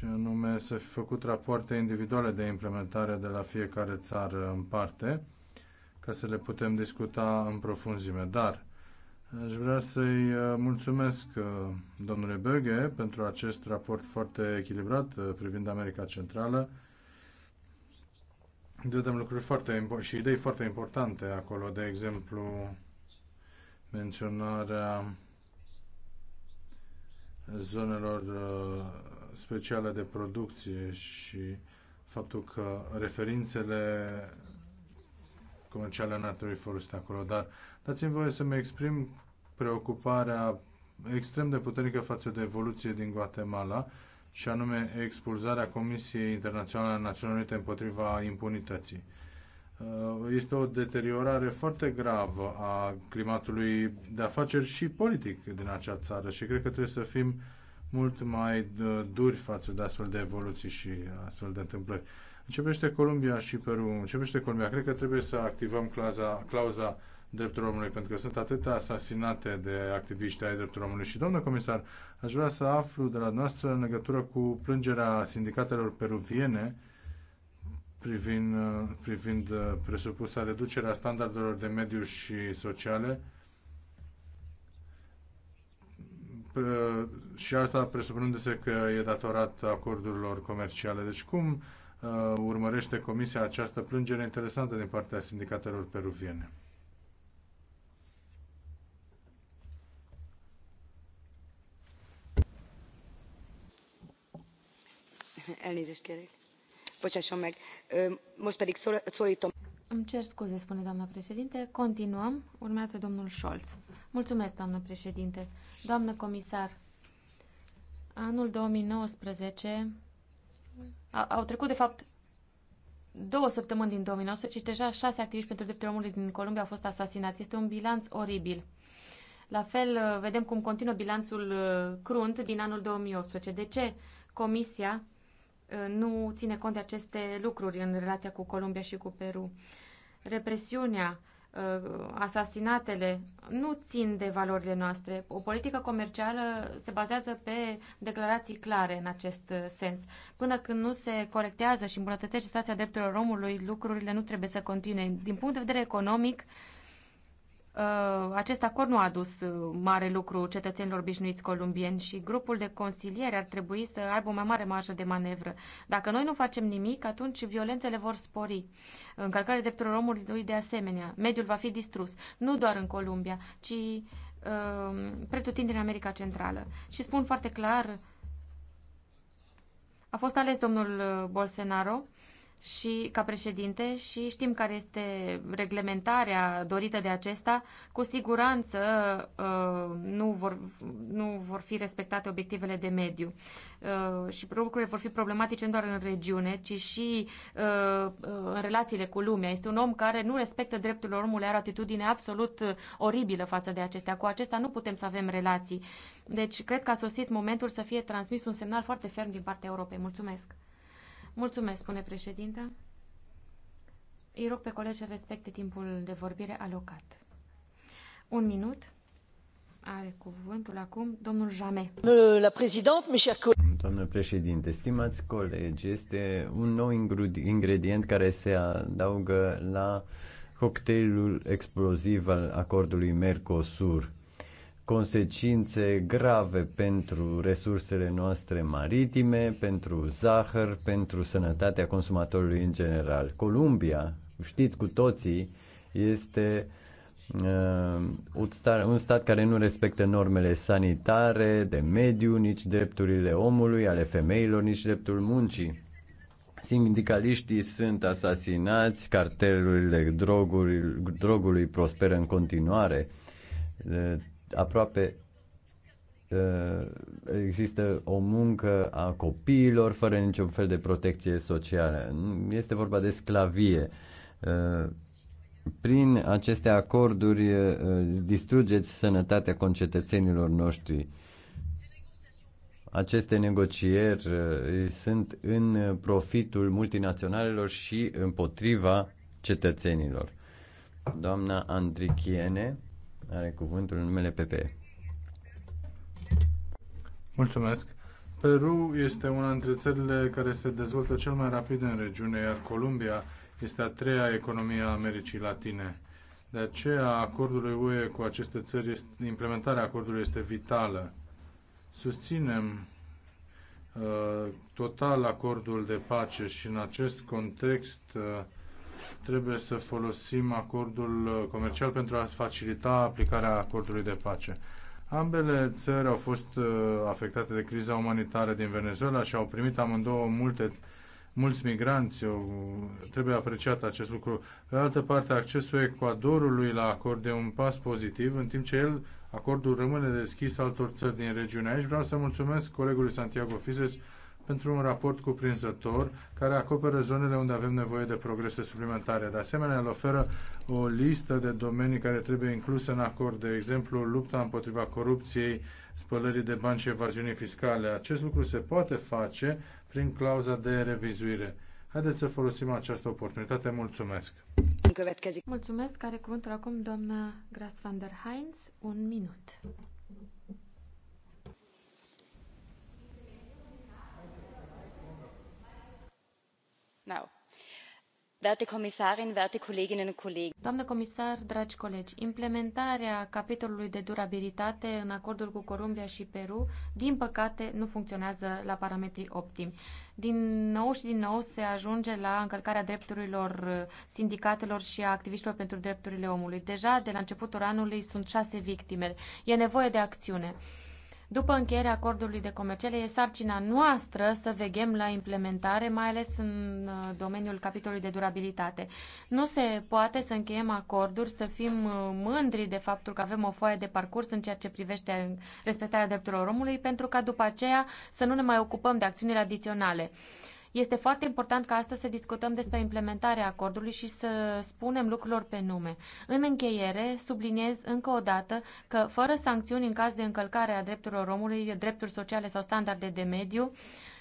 S3: și anume să fi făcut rapoarte individuale de implementare de la fiecare țară în parte, ca să le putem discuta în profunzime. Dar aș vrea să-i uh, mulțumesc uh, domnule Böge pentru acest raport foarte echilibrat uh, privind America Centrală. Vedem lucruri foarte și idei foarte importante acolo, de exemplu menționarea zonelor specială de producție și faptul că referințele comerciale n-ar trebui folosite acolo, dar dați-mi voie să-mi exprim preocuparea extrem de puternică față de evoluție din Guatemala și anume expulzarea Comisiei Internaționale a Națiunilor Unite împotriva impunității. Uh, este o deteriorare foarte gravă a climatului de afaceri și politic din acea țară și cred că trebuie să fim uh, mult mai uh, duri față de astfel de evoluții și astfel de întâmplări. Începește Columbia și Peru. Începește Columbia. Cred că trebuie să activăm clauza, clauza drepturilor omului, pentru că sunt atâtea asasinate de activiști ai drepturilor omului. Și, domnul comisar, aș vrea să aflu de la noastră în legătură cu plângerea sindicatelor peruviene privind, uh, privind uh, presupusa reducerea standardelor de mediu și sociale și asta presupunându-se că e datorat acordurilor comerciale. Deci cum uh, urmărește Comisia această plângere interesantă din partea sindicatelor peruviene?
S2: Elnézést kérek. Bocsásson meg. Most pedig szólítom. Îmi cer scuze, spune doamna președinte. Continuăm. Urmează domnul Scholz. Mulțumesc, doamnă președinte. Doamnă comisar, anul 2019 a, au trecut, de fapt, două săptămâni din 2019 și deja șase activiști pentru drepturile omului din Columbia au fost asasinați. Este un bilanț oribil. La fel, vedem cum continuă bilanțul uh, crunt din anul 2018. De ce Comisia nu ține cont de aceste lucruri în relația cu Columbia și cu Peru. Represiunea, uh, asasinatele nu țin de valorile noastre. O politică comercială se bazează pe declarații clare în acest uh, sens. Până când nu se corectează și îmbunătățește situația drepturilor omului, lucrurile nu trebuie să continue. Din punct de vedere economic, Uh, acest acord nu a adus uh, mare lucru cetățenilor obișnuiți columbieni și grupul de consiliere ar trebui să aibă o mai mare marjă de manevră. Dacă noi nu facem nimic, atunci violențele vor spori. Încălcarea drepturilor omului de asemenea. Mediul va fi distrus, nu doar în Columbia, ci uh, pretutindeni în America Centrală. Și spun foarte clar, a fost ales domnul uh, Bolsonaro și ca președinte și știm care este reglementarea dorită de acesta, cu siguranță uh, nu vor, nu vor fi respectate obiectivele de mediu. Uh, și lucrurile vor fi problematice nu doar în regiune, ci și uh, în relațiile cu lumea. Este un om care nu respectă drepturile omului, are o atitudine absolut oribilă față de acestea. Cu acesta nu putem să avem relații. Deci, cred că a sosit momentul să fie transmis un semnal foarte ferm din partea Europei. Mulțumesc! Mulțumesc, spune președinte. Îi rog pe colegi să respecte timpul de vorbire alocat. Un minut. Are cuvântul acum domnul Jame.
S1: Doamnă președinte, stimați colegi, este un nou ingredient care se adaugă la cocktailul exploziv al acordului Mercosur consecințe grave pentru resursele noastre maritime, pentru zahăr, pentru sănătatea consumatorului în general. Columbia, știți cu toții, este uh, un, stat, un stat care nu respectă normele sanitare, de mediu, nici drepturile omului, ale femeilor, nici dreptul muncii. Sindicaliștii sunt asasinați, cartelurile drogului, drogului prosperă în continuare aproape uh, există o muncă a copiilor fără niciun fel de protecție socială. Este vorba de sclavie. Uh, prin aceste acorduri uh, distrugeți sănătatea concetățenilor noștri. Aceste negocieri sunt în profitul multinaționalelor și împotriva cetățenilor. Doamna Andrichiene are cuvântul în numele PP. Mulțumesc.
S3: Peru este una dintre țările care se dezvoltă cel mai rapid în regiune, iar Columbia este a treia economie a Americii Latine. De aceea, acordului UE cu aceste țări, este, implementarea acordului este vitală. Susținem uh, total acordul de pace și în acest context uh, Trebuie să folosim acordul comercial pentru a facilita aplicarea acordului de pace. Ambele țări au fost uh, afectate de criza umanitară din Venezuela și au primit amândouă multe mulți migranți, trebuie apreciat acest lucru. Pe altă parte, accesul Ecuadorului la acord e un pas pozitiv, în timp ce el, acordul rămâne deschis altor țări din regiune. Aici vreau să mulțumesc colegului Santiago Fizes pentru un raport cuprinzător care acoperă zonele unde avem nevoie de progrese suplimentare. De asemenea, el oferă o listă de domenii care trebuie incluse în acord, de exemplu, lupta împotriva corupției, spălării de bani și evaziunii fiscale. Acest lucru se poate face prin clauza de revizuire. Haideți să folosim această oportunitate. Mulțumesc!
S2: Mulțumesc. Care cuvântul acum doamna Gras van der Heinz? Un minut. doamnă comisar dragi colegi implementarea capitolului de durabilitate în acordul cu columbia și peru din păcate nu funcționează la parametrii optimi. din nou și din nou se ajunge la încălcarea drepturilor sindicatelor și a activiștilor pentru drepturile omului. deja de la începutul anului sunt șase victime. e nevoie de acțiune. După încheierea acordului de comerciale, e sarcina noastră să veghem la implementare, mai ales în uh, domeniul capitolului de durabilitate. Nu se poate să încheiem acorduri, să fim uh, mândri de faptul că avem o foaie de parcurs în ceea ce privește respectarea drepturilor omului, pentru ca după aceea să nu ne mai ocupăm de acțiunile adiționale. Este foarte important ca astăzi să discutăm despre implementarea acordului și să spunem lucrurilor pe nume. În încheiere, subliniez încă o dată că, fără sancțiuni în caz de încălcare a drepturilor omului, drepturi sociale sau standarde de mediu,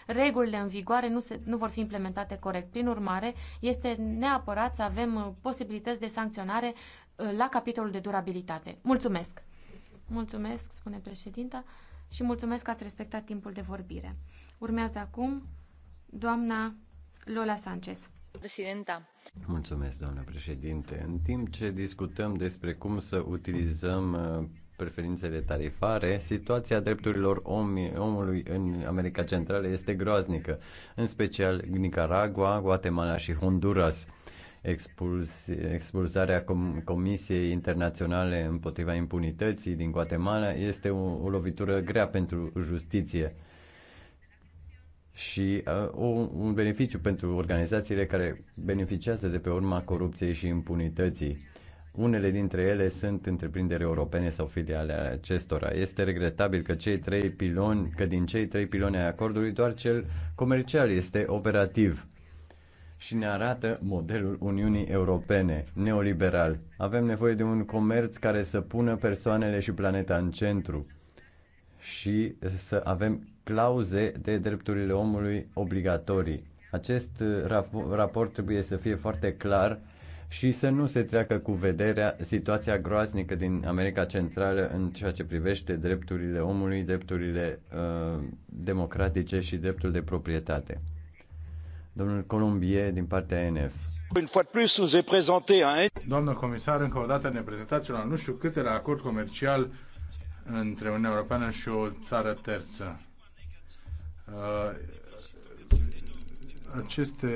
S2: regulile în vigoare nu, se, nu vor fi implementate corect. Prin urmare, este neapărat să avem uh, posibilități de sancționare uh, la capitolul de durabilitate. Mulțumesc! Mulțumesc, spune președinta, și mulțumesc că ați respectat timpul de vorbire. Urmează acum doamna Lola Sanchez. Presidenta.
S1: Mulțumesc, doamnă președinte. În timp ce discutăm despre cum să utilizăm uh, preferințele tarifare, situația drepturilor om, omului în America Centrală este groaznică, în special Nicaragua, Guatemala și Honduras. Expuls, expulsarea Com- Comisiei Internaționale împotriva impunității din Guatemala este o, o lovitură grea pentru justiție și uh, o, un beneficiu pentru organizațiile care beneficiază de pe urma corupției și impunității. Unele dintre ele sunt întreprinderi europene sau filiale ale acestora. Este regretabil că cei trei piloni, că din cei trei piloni ai acordului doar cel comercial este operativ și ne arată modelul Uniunii Europene, neoliberal. Avem nevoie de un comerț care să pună persoanele și planeta în centru și să avem clauze de drepturile omului obligatorii. Acest uh, raport trebuie să fie foarte clar și să nu se treacă cu vederea situația groaznică din America Centrală în ceea ce privește drepturile omului, drepturile uh, democratice și dreptul de proprietate. Domnul Colombier, din partea ANF.
S3: Doamnă comisar, încă o dată ne prezentați la nu știu câte la acord comercial între Uniunea Europeană și o țară terță. Uh, aceste,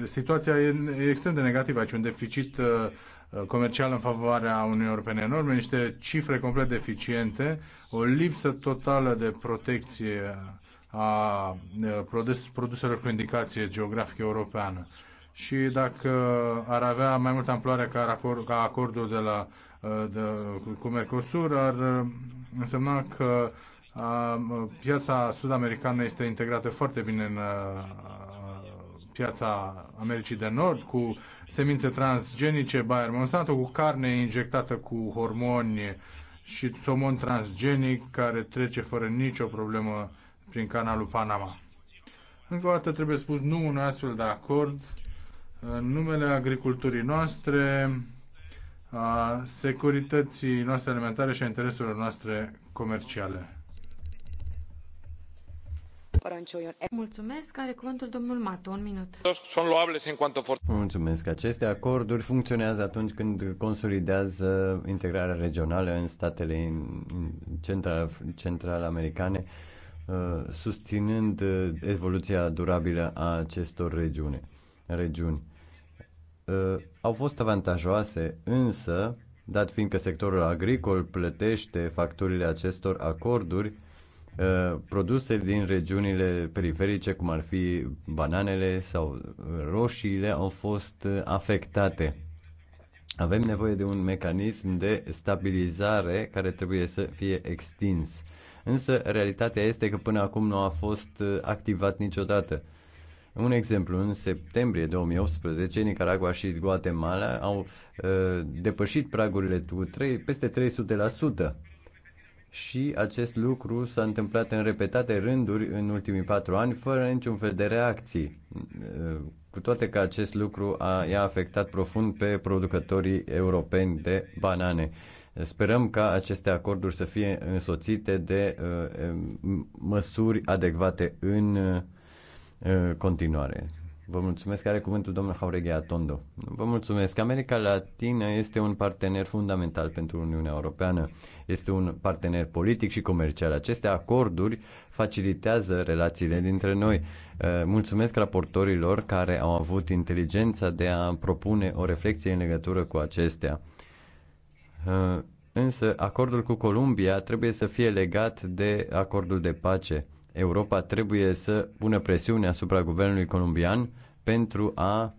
S3: uh, situația e extrem de negativă aici, un deficit uh, comercial în favoarea Uniunii Europene enorme, niște cifre complet deficiente, o lipsă totală de protecție a produselor cu indicație geografică europeană. Și dacă ar avea mai multă amploare ca, acord, ca acordul de la de, cu Mercosur, ar însemna că Piața sud-americană este integrată foarte bine în piața Americii de Nord cu semințe transgenice Bayer Monsanto, cu carne injectată cu hormoni și somon transgenic care trece fără nicio problemă prin canalul Panama. Încă o dată trebuie spus nu un astfel de acord în numele agriculturii noastre, a securității noastre alimentare și a intereselor noastre comerciale.
S2: Mulțumesc. Are cuvântul domnul Mato. Un minut.
S1: Mulțumesc. Aceste acorduri funcționează atunci când consolidează integrarea regională în statele central, central-americane, uh, susținând uh, evoluția durabilă a acestor regiune, regiuni. Uh, au fost avantajoase, însă, dat fiindcă sectorul agricol plătește facturile acestor acorduri, Uh, produse din regiunile periferice, cum ar fi bananele sau roșiile, au fost uh, afectate. Avem nevoie de un mecanism de stabilizare care trebuie să fie extins. Însă, realitatea este că până acum nu a fost uh, activat niciodată. Un exemplu, în septembrie 2018, Nicaragua și Guatemala au uh, depășit pragurile cu 3, peste și acest lucru s-a întâmplat în repetate rânduri în ultimii patru ani, fără niciun fel de reacții, cu toate că acest lucru a, i-a afectat profund pe producătorii europeni de banane. Sperăm ca aceste acorduri să fie însoțite de uh, măsuri adecvate în uh, continuare. Vă mulțumesc, are cuvântul domnul Jauregui Atondo. Vă mulțumesc. America Latină este un partener fundamental pentru Uniunea Europeană. Este un partener politic și comercial. Aceste acorduri facilitează relațiile dintre noi. Uh, mulțumesc raportorilor care au avut inteligența de a propune o reflexie în legătură cu acestea. Uh, însă, acordul cu Columbia trebuie să fie legat de acordul de pace. Europa trebuie să pună presiune asupra guvernului colombian pentru a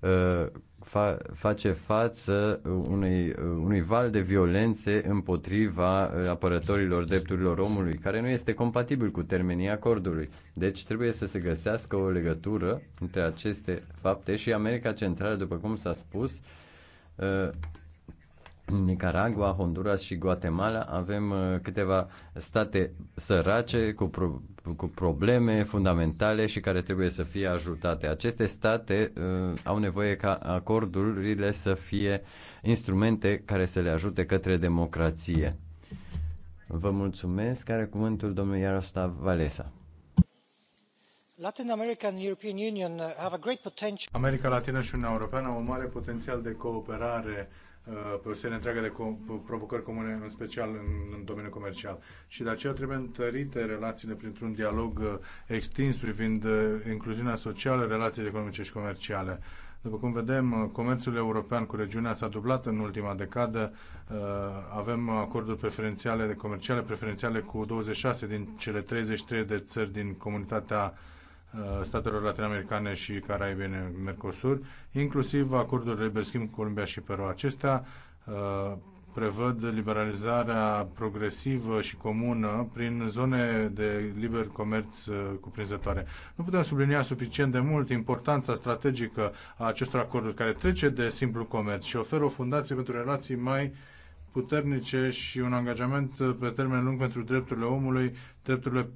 S1: uh, fa- face față unui, uh, unui val de violențe împotriva uh, apărătorilor drepturilor omului, care nu este compatibil cu termenii acordului. Deci trebuie să se găsească o legătură între aceste fapte și America Centrală, după cum s-a spus, Nicaragua, Honduras și Guatemala avem uh, câteva state sărace cu, pro- cu probleme fundamentale și care trebuie să fie ajutate. Aceste state uh, au nevoie ca acordurile să fie instrumente care să le ajute către democrație. Vă mulțumesc. care cuvântul domnul Iaroslav Valesa. Latin America and European Union uh, have a great potential.
S3: America Latină și Uniunea Europeană au un mare potențial de cooperare pe o serie întreagă de provocări comune, în special în, în domeniul comercial. Și de aceea trebuie întărite relațiile printr-un dialog uh, extins privind uh, incluziunea socială, relațiile economice și comerciale. După cum vedem, uh, comerțul european cu regiunea s-a dublat în ultima decadă. Avem acorduri preferențiale de comerciale preferențiale cu 26 din cele 33 de țări din comunitatea Uh, statelor latinoamericane și caraibene Mercosur, inclusiv acordul de liber schimb cu Columbia și Peru. Acestea uh, prevăd liberalizarea progresivă și comună prin zone de liber comerț uh, cuprinzătoare. Nu putem sublinia suficient de mult importanța strategică a acestor acorduri care trece de simplu comerț și oferă o fundație pentru relații mai puternice și un angajament pe termen lung pentru drepturile omului, drepturile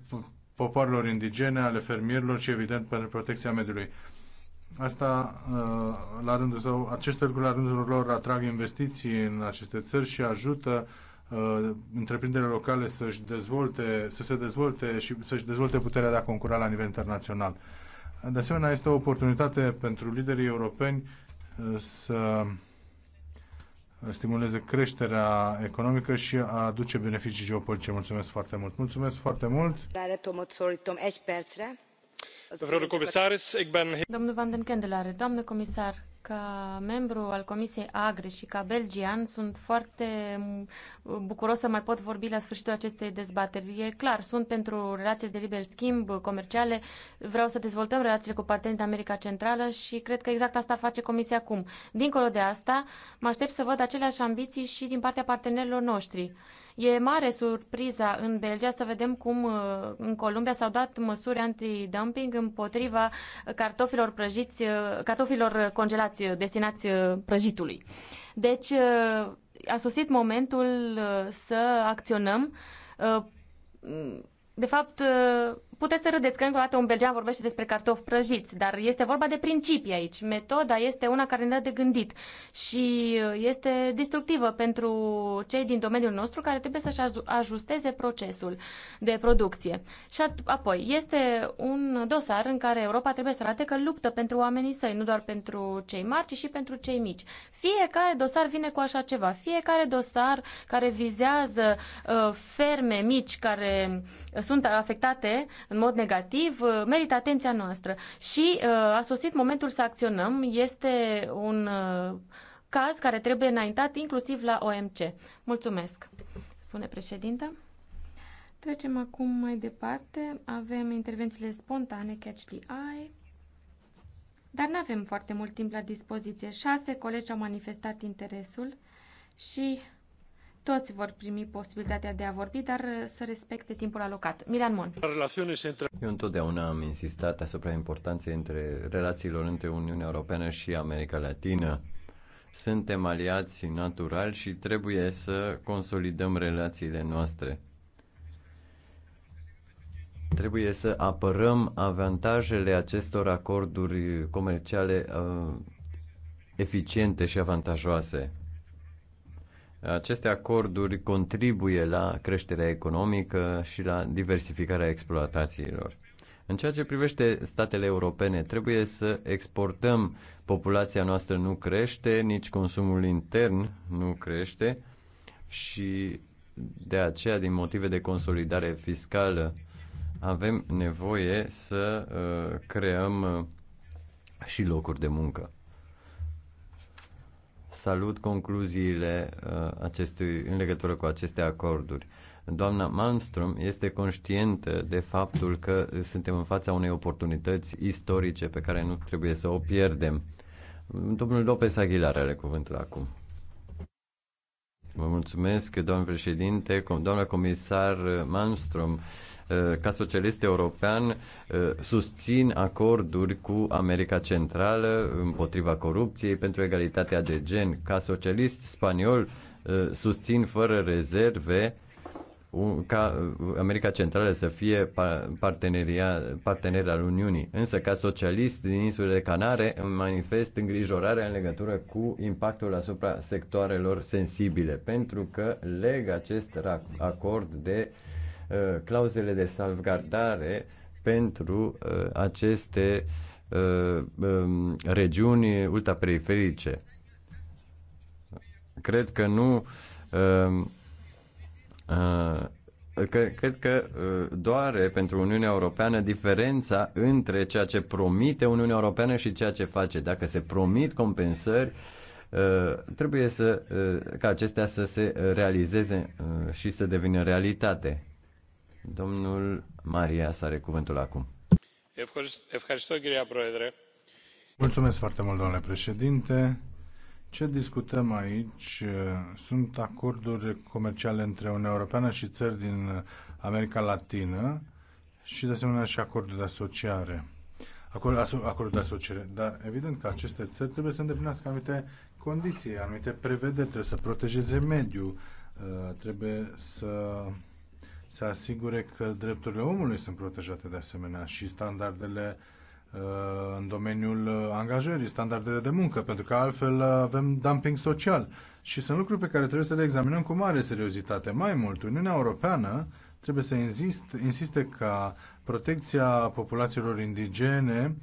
S3: popoarelor indigene, ale fermierilor și, evident, pentru protecția mediului. Asta, uh, la rândul său, aceste lucruri, la rândul lor, atrag investiții în aceste țări și ajută uh, întreprinderile locale să-și dezvolte, să se dezvolte și să-și dezvolte puterea de a concura la nivel internațional. De asemenea, este o oportunitate pentru liderii europeni uh, să stimuleze creșterea economică și a aduce beneficii geopolitice. Mulțumesc foarte mult! Mulțumesc foarte mult!
S2: Domnul Van den Kendelare, doamnă comisar, ca membru al Comisiei Agri și ca belgian sunt foarte bucuros să mai pot vorbi la sfârșitul acestei dezbateri. E clar, sunt pentru relații de liber schimb comerciale, vreau să dezvoltăm relațiile cu partenerii din America Centrală și cred că exact asta face Comisia acum. Dincolo de asta, mă aștept să văd aceleași ambiții și din partea partenerilor noștri. E mare surpriza în Belgia să vedem cum uh, în Columbia s-au dat măsuri antidumping împotriva cartofilor prăjiți, uh, cartofilor congelați dați, destinați uh, prăjitului. Deci uh, a sosit momentul uh, să acționăm. De fapt, Puteți să râdeți că încă o dată un belgean vorbește despre cartofi prăjiți, dar este vorba de principii aici. Metoda este una care ne dă de gândit și este destructivă pentru cei din domeniul nostru care trebuie să-și ajusteze procesul de producție. Și apoi, este un dosar în care Europa trebuie să arate că luptă pentru oamenii săi, nu doar pentru cei mari, ci și pentru cei mici. Fiecare dosar vine cu așa ceva. Fiecare dosar care vizează uh, ferme mici care sunt afectate în mod negativ uh, merită atenția noastră. Și uh, a sosit momentul să acționăm. Este un uh, caz care trebuie înaintat inclusiv la OMC. Mulțumesc, spune președinta. Trecem acum mai departe. Avem intervențiile spontane, catch the eye. Dar nu avem foarte mult timp la dispoziție. Șase colegi au manifestat interesul și toți vor primi posibilitatea de a vorbi, dar să respecte timpul alocat. Milan Mon.
S1: Eu întotdeauna am insistat asupra importanței între relațiilor între Uniunea Europeană și America Latină. Suntem aliați natural și trebuie să consolidăm relațiile noastre. Trebuie să apărăm avantajele acestor acorduri comerciale uh, eficiente și avantajoase aceste acorduri contribuie la creșterea economică și la diversificarea exploatațiilor. În ceea ce privește statele europene, trebuie să exportăm. Populația noastră nu crește, nici consumul intern nu crește și de aceea, din motive de consolidare fiscală, avem nevoie să uh, creăm uh, și locuri de muncă salut concluziile uh, acestui, în legătură cu aceste acorduri. Doamna Malmström este conștientă de faptul că suntem în fața unei oportunități istorice pe care nu trebuie să o pierdem. Domnul Lopez Aguilar are cuvântul acum. Vă mulțumesc, domnul președinte, doamna comisar Malmström Eh, ca socialist european, eh, susțin acorduri cu America Centrală împotriva corupției pentru egalitatea de gen. Ca socialist spaniol, eh, susțin fără rezerve ca America Centrală să fie parteneria, partener al Uniunii. Însă, ca socialist din insulele Canare, îmi manifest îngrijorarea în legătură cu impactul asupra sectoarelor sensibile, pentru că leg acest acord de uh, Uh, clauzele de salvgardare pentru uh, aceste uh, um, regiuni ultraperiferice. Cred că nu. Um, uh, uh, Cred că uh, doare pentru Uniunea Europeană diferența între ceea ce promite Uniunea Europeană și ceea ce face. Dacă se promit compensări, uh, trebuie să, ca acestea să se realizeze și să devină realitate. Domnul Maria are cuvântul acum.
S3: Mulțumesc foarte mult, domnule președinte. Ce discutăm aici uh, sunt acorduri comerciale între Uniunea Europeană și țări din America Latină și, de asemenea, și acorduri de asociare. Acord, aso, acordul de asociere. Dar, evident că aceste țări trebuie să îndeplinească anumite condiții, anumite prevederi, trebuie să protejeze mediul, uh, trebuie să să asigure că drepturile omului sunt protejate de asemenea și standardele uh, în domeniul uh, angajării, standardele de muncă, pentru că altfel uh, avem dumping social. Și sunt lucruri pe care trebuie să le examinăm cu mare seriozitate. Mai mult, Uniunea Europeană trebuie să insist, insiste ca protecția populațiilor indigene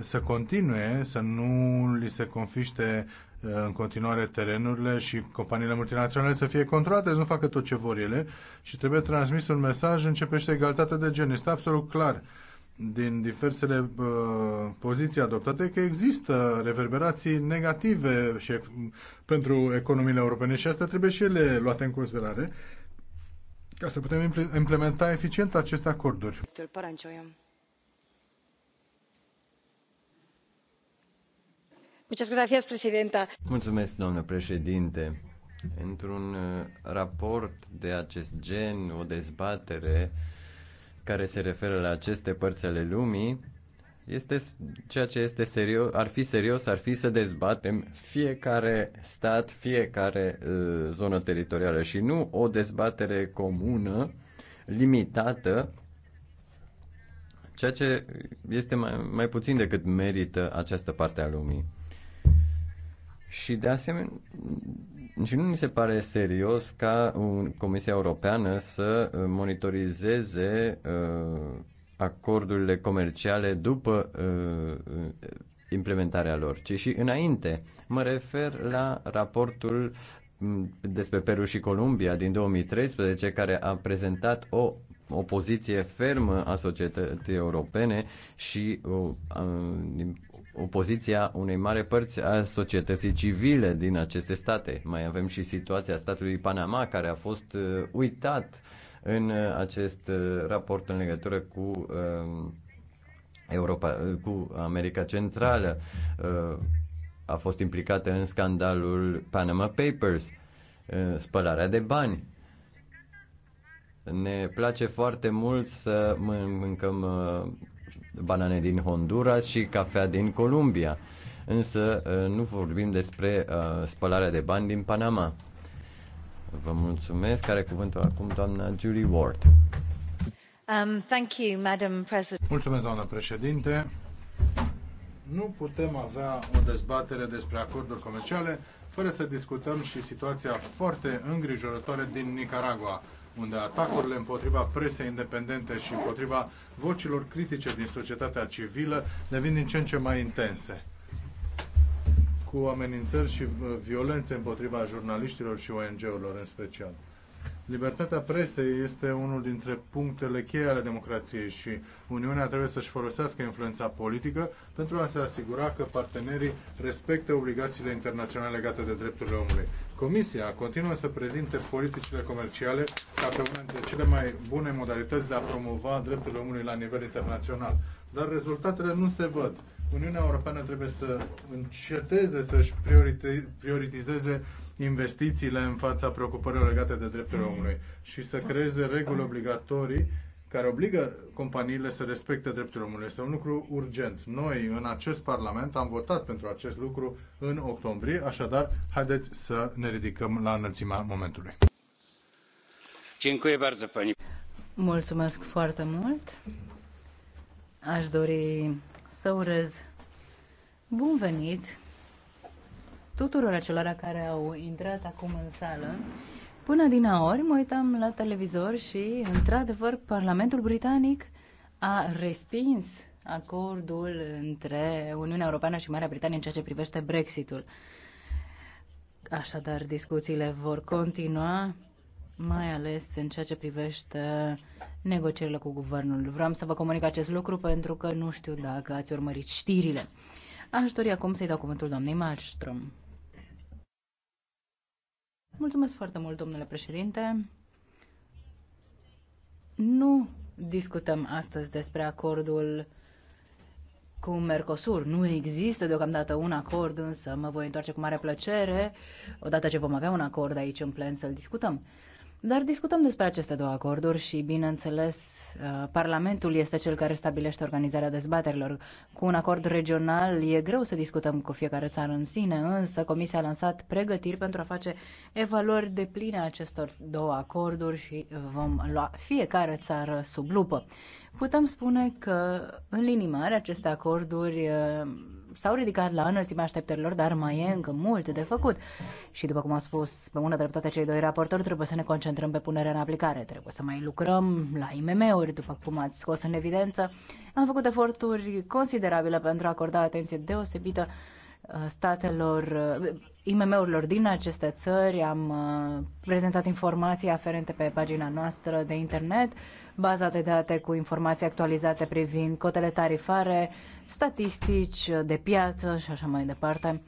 S3: să continue, să nu li se confiște Uh, în continuare terenurile și companiile multinaționale să fie controlate, să nu facă tot ce vor ele și trebuie transmis un mesaj începește egalitatea de gen. Este absolut clar din diversele uh, poziții adoptate că există reverberații negative și pentru economiile europene și asta trebuie și ele luate în considerare ca să putem implementa eficient aceste
S1: acorduri. doamnă președinte. Într-un uh, raport de acest gen, o dezbatere care se referă la aceste părți ale lumii, este ceea ce este serios, ar fi serios, ar fi să dezbatem fiecare stat, fiecare uh, zonă teritorială și nu o dezbatere comună, limitată, ceea ce este mai, mai puțin decât merită această parte a lumii. Și de asemenea, nici nu mi se pare serios ca Comisia Europeană să uh, monitorizeze uh, acordurile comerciale după uh, implementarea lor, ci și înainte. Mă refer la raportul mm, despre Peru și Columbia din 2013, care a prezentat o o poziție fermă a societății europene și o, din opoziția unei mare părți a societății civile din aceste state. Mai avem și situația statului Panama, care a fost uh, uitat în uh, acest uh, raport în legătură cu um, Europa, cu America Centrală. A fost implicată în scandalul Panama Papers, spălarea de bani. Ne place foarte mult să mâncăm banane din Honduras și cafea din Columbia. Însă uh, nu vorbim despre uh, spălarea de bani din Panama. Vă mulțumesc. care cuvântul acum doamna Julie Ward.
S4: Um, thank you, Madam President.
S1: Mulțumesc, doamna președinte.
S3: Nu putem avea o dezbatere despre acorduri comerciale fără să discutăm și situația foarte îngrijorătoare din Nicaragua unde atacurile împotriva presei independente și împotriva vocilor critice din societatea civilă devin din ce în ce mai intense cu amenințări și uh, violențe împotriva jurnaliștilor și ONG-urilor în special. Libertatea presei este unul dintre punctele cheie ale democrației și Uniunea trebuie să-și folosească influența politică pentru a se asigura că partenerii respectă obligațiile internaționale legate de drepturile omului. Comisia continuă să prezinte politicile comerciale ca pe una dintre cele mai bune modalități de a promova drepturile omului la nivel internațional. Dar rezultatele nu se văd. Uniunea Europeană trebuie să înceteze să-și prioritizeze investițiile în fața preocupărilor legate de drepturile omului și să creeze reguli obligatorii care obligă companiile să respecte drepturile omului. Este un lucru urgent. Noi, în acest Parlament, am votat pentru acest lucru în octombrie, așadar, haideți să ne ridicăm la înălțimea momentului.
S4: Mulțumesc foarte mult. Aș dori să urez bun venit tuturor acelora care au intrat acum în sală. Până din aori mă uitam la televizor și, într-adevăr, Parlamentul Britanic a respins acordul între Uniunea Europeană și Marea Britanie în ceea ce privește Brexitul. Așadar, discuțiile vor continua, mai ales în ceea ce privește negocierile cu guvernul. Vreau să vă comunic acest lucru pentru că nu știu dacă ați urmărit știrile. Aș dori acum să-i dau cuvântul doamnei Malmström. Mulțumesc foarte mult, domnule președinte. Nu discutăm astăzi despre acordul cu Mercosur. Nu există deocamdată un acord, însă mă voi întoarce cu mare plăcere, odată ce vom avea un acord aici în plen, să-l discutăm. Dar discutăm despre aceste două acorduri și, bineînțeles, uh, Parlamentul este cel care stabilește organizarea dezbaterilor. Cu un acord regional e greu să discutăm cu fiecare țară în sine, însă Comisia a lansat pregătiri pentru a face evaluări de pline a acestor două acorduri și vom lua fiecare țară sub lupă. Putem spune că, în linii mari, aceste acorduri uh, s-au ridicat la înălțimea așteptărilor, dar mai e încă mult de făcut. Și după cum au spus pe bună dreptate cei doi raportori, trebuie să ne concentrăm pe punerea în aplicare. Trebuie să mai lucrăm la IMM-uri, după cum ați scos în evidență. Am făcut eforturi considerabile pentru a acorda atenție deosebită uh, statelor, uh, IMM-urilor din aceste țări. Am uh, prezentat informații aferente pe pagina noastră de internet, bazate date cu informații actualizate privind cotele tarifare, statistici de piață și așa mai departe.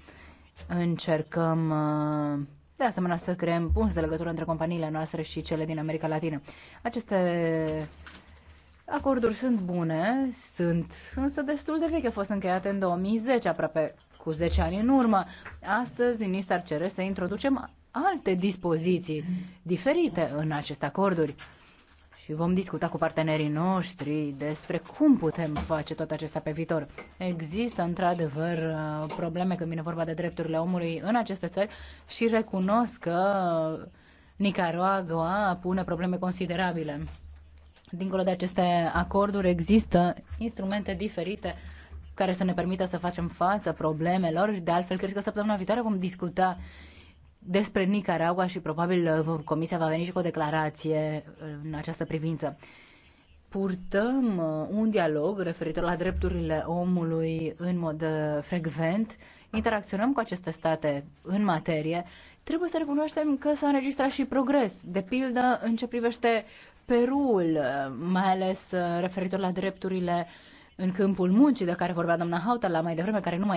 S4: Încercăm uh, de asemenea să creăm punți de legătură între companiile noastre și cele din America Latină. Aceste acorduri sunt bune, sunt însă destul de vechi, au fost încheiate în 2010, aproape cu 10 ani în urmă. Astăzi, din ISAR cere să introducem alte dispoziții diferite în aceste acorduri și vom discuta cu partenerii noștri despre cum putem face tot acesta pe viitor. Există, într-adevăr, probleme când vine vorba de drepturile omului în aceste țări și recunosc că Nicaragua pune probleme considerabile. Dincolo de aceste acorduri, există instrumente diferite care să ne permită să facem față problemelor. De altfel, cred că săptămâna viitoare vom discuta despre Nicaragua și probabil uh, Comisia va veni și cu o declarație uh, în această privință. Purtăm uh, un dialog referitor la drepturile omului în mod frecvent, interacționăm cu aceste state în materie, trebuie să recunoaștem că s-a înregistrat și progres. De pildă, în ce privește Perul, mai ales referitor la drepturile în câmpul muncii de care vorbea doamna Hautala mai devreme, care nu mai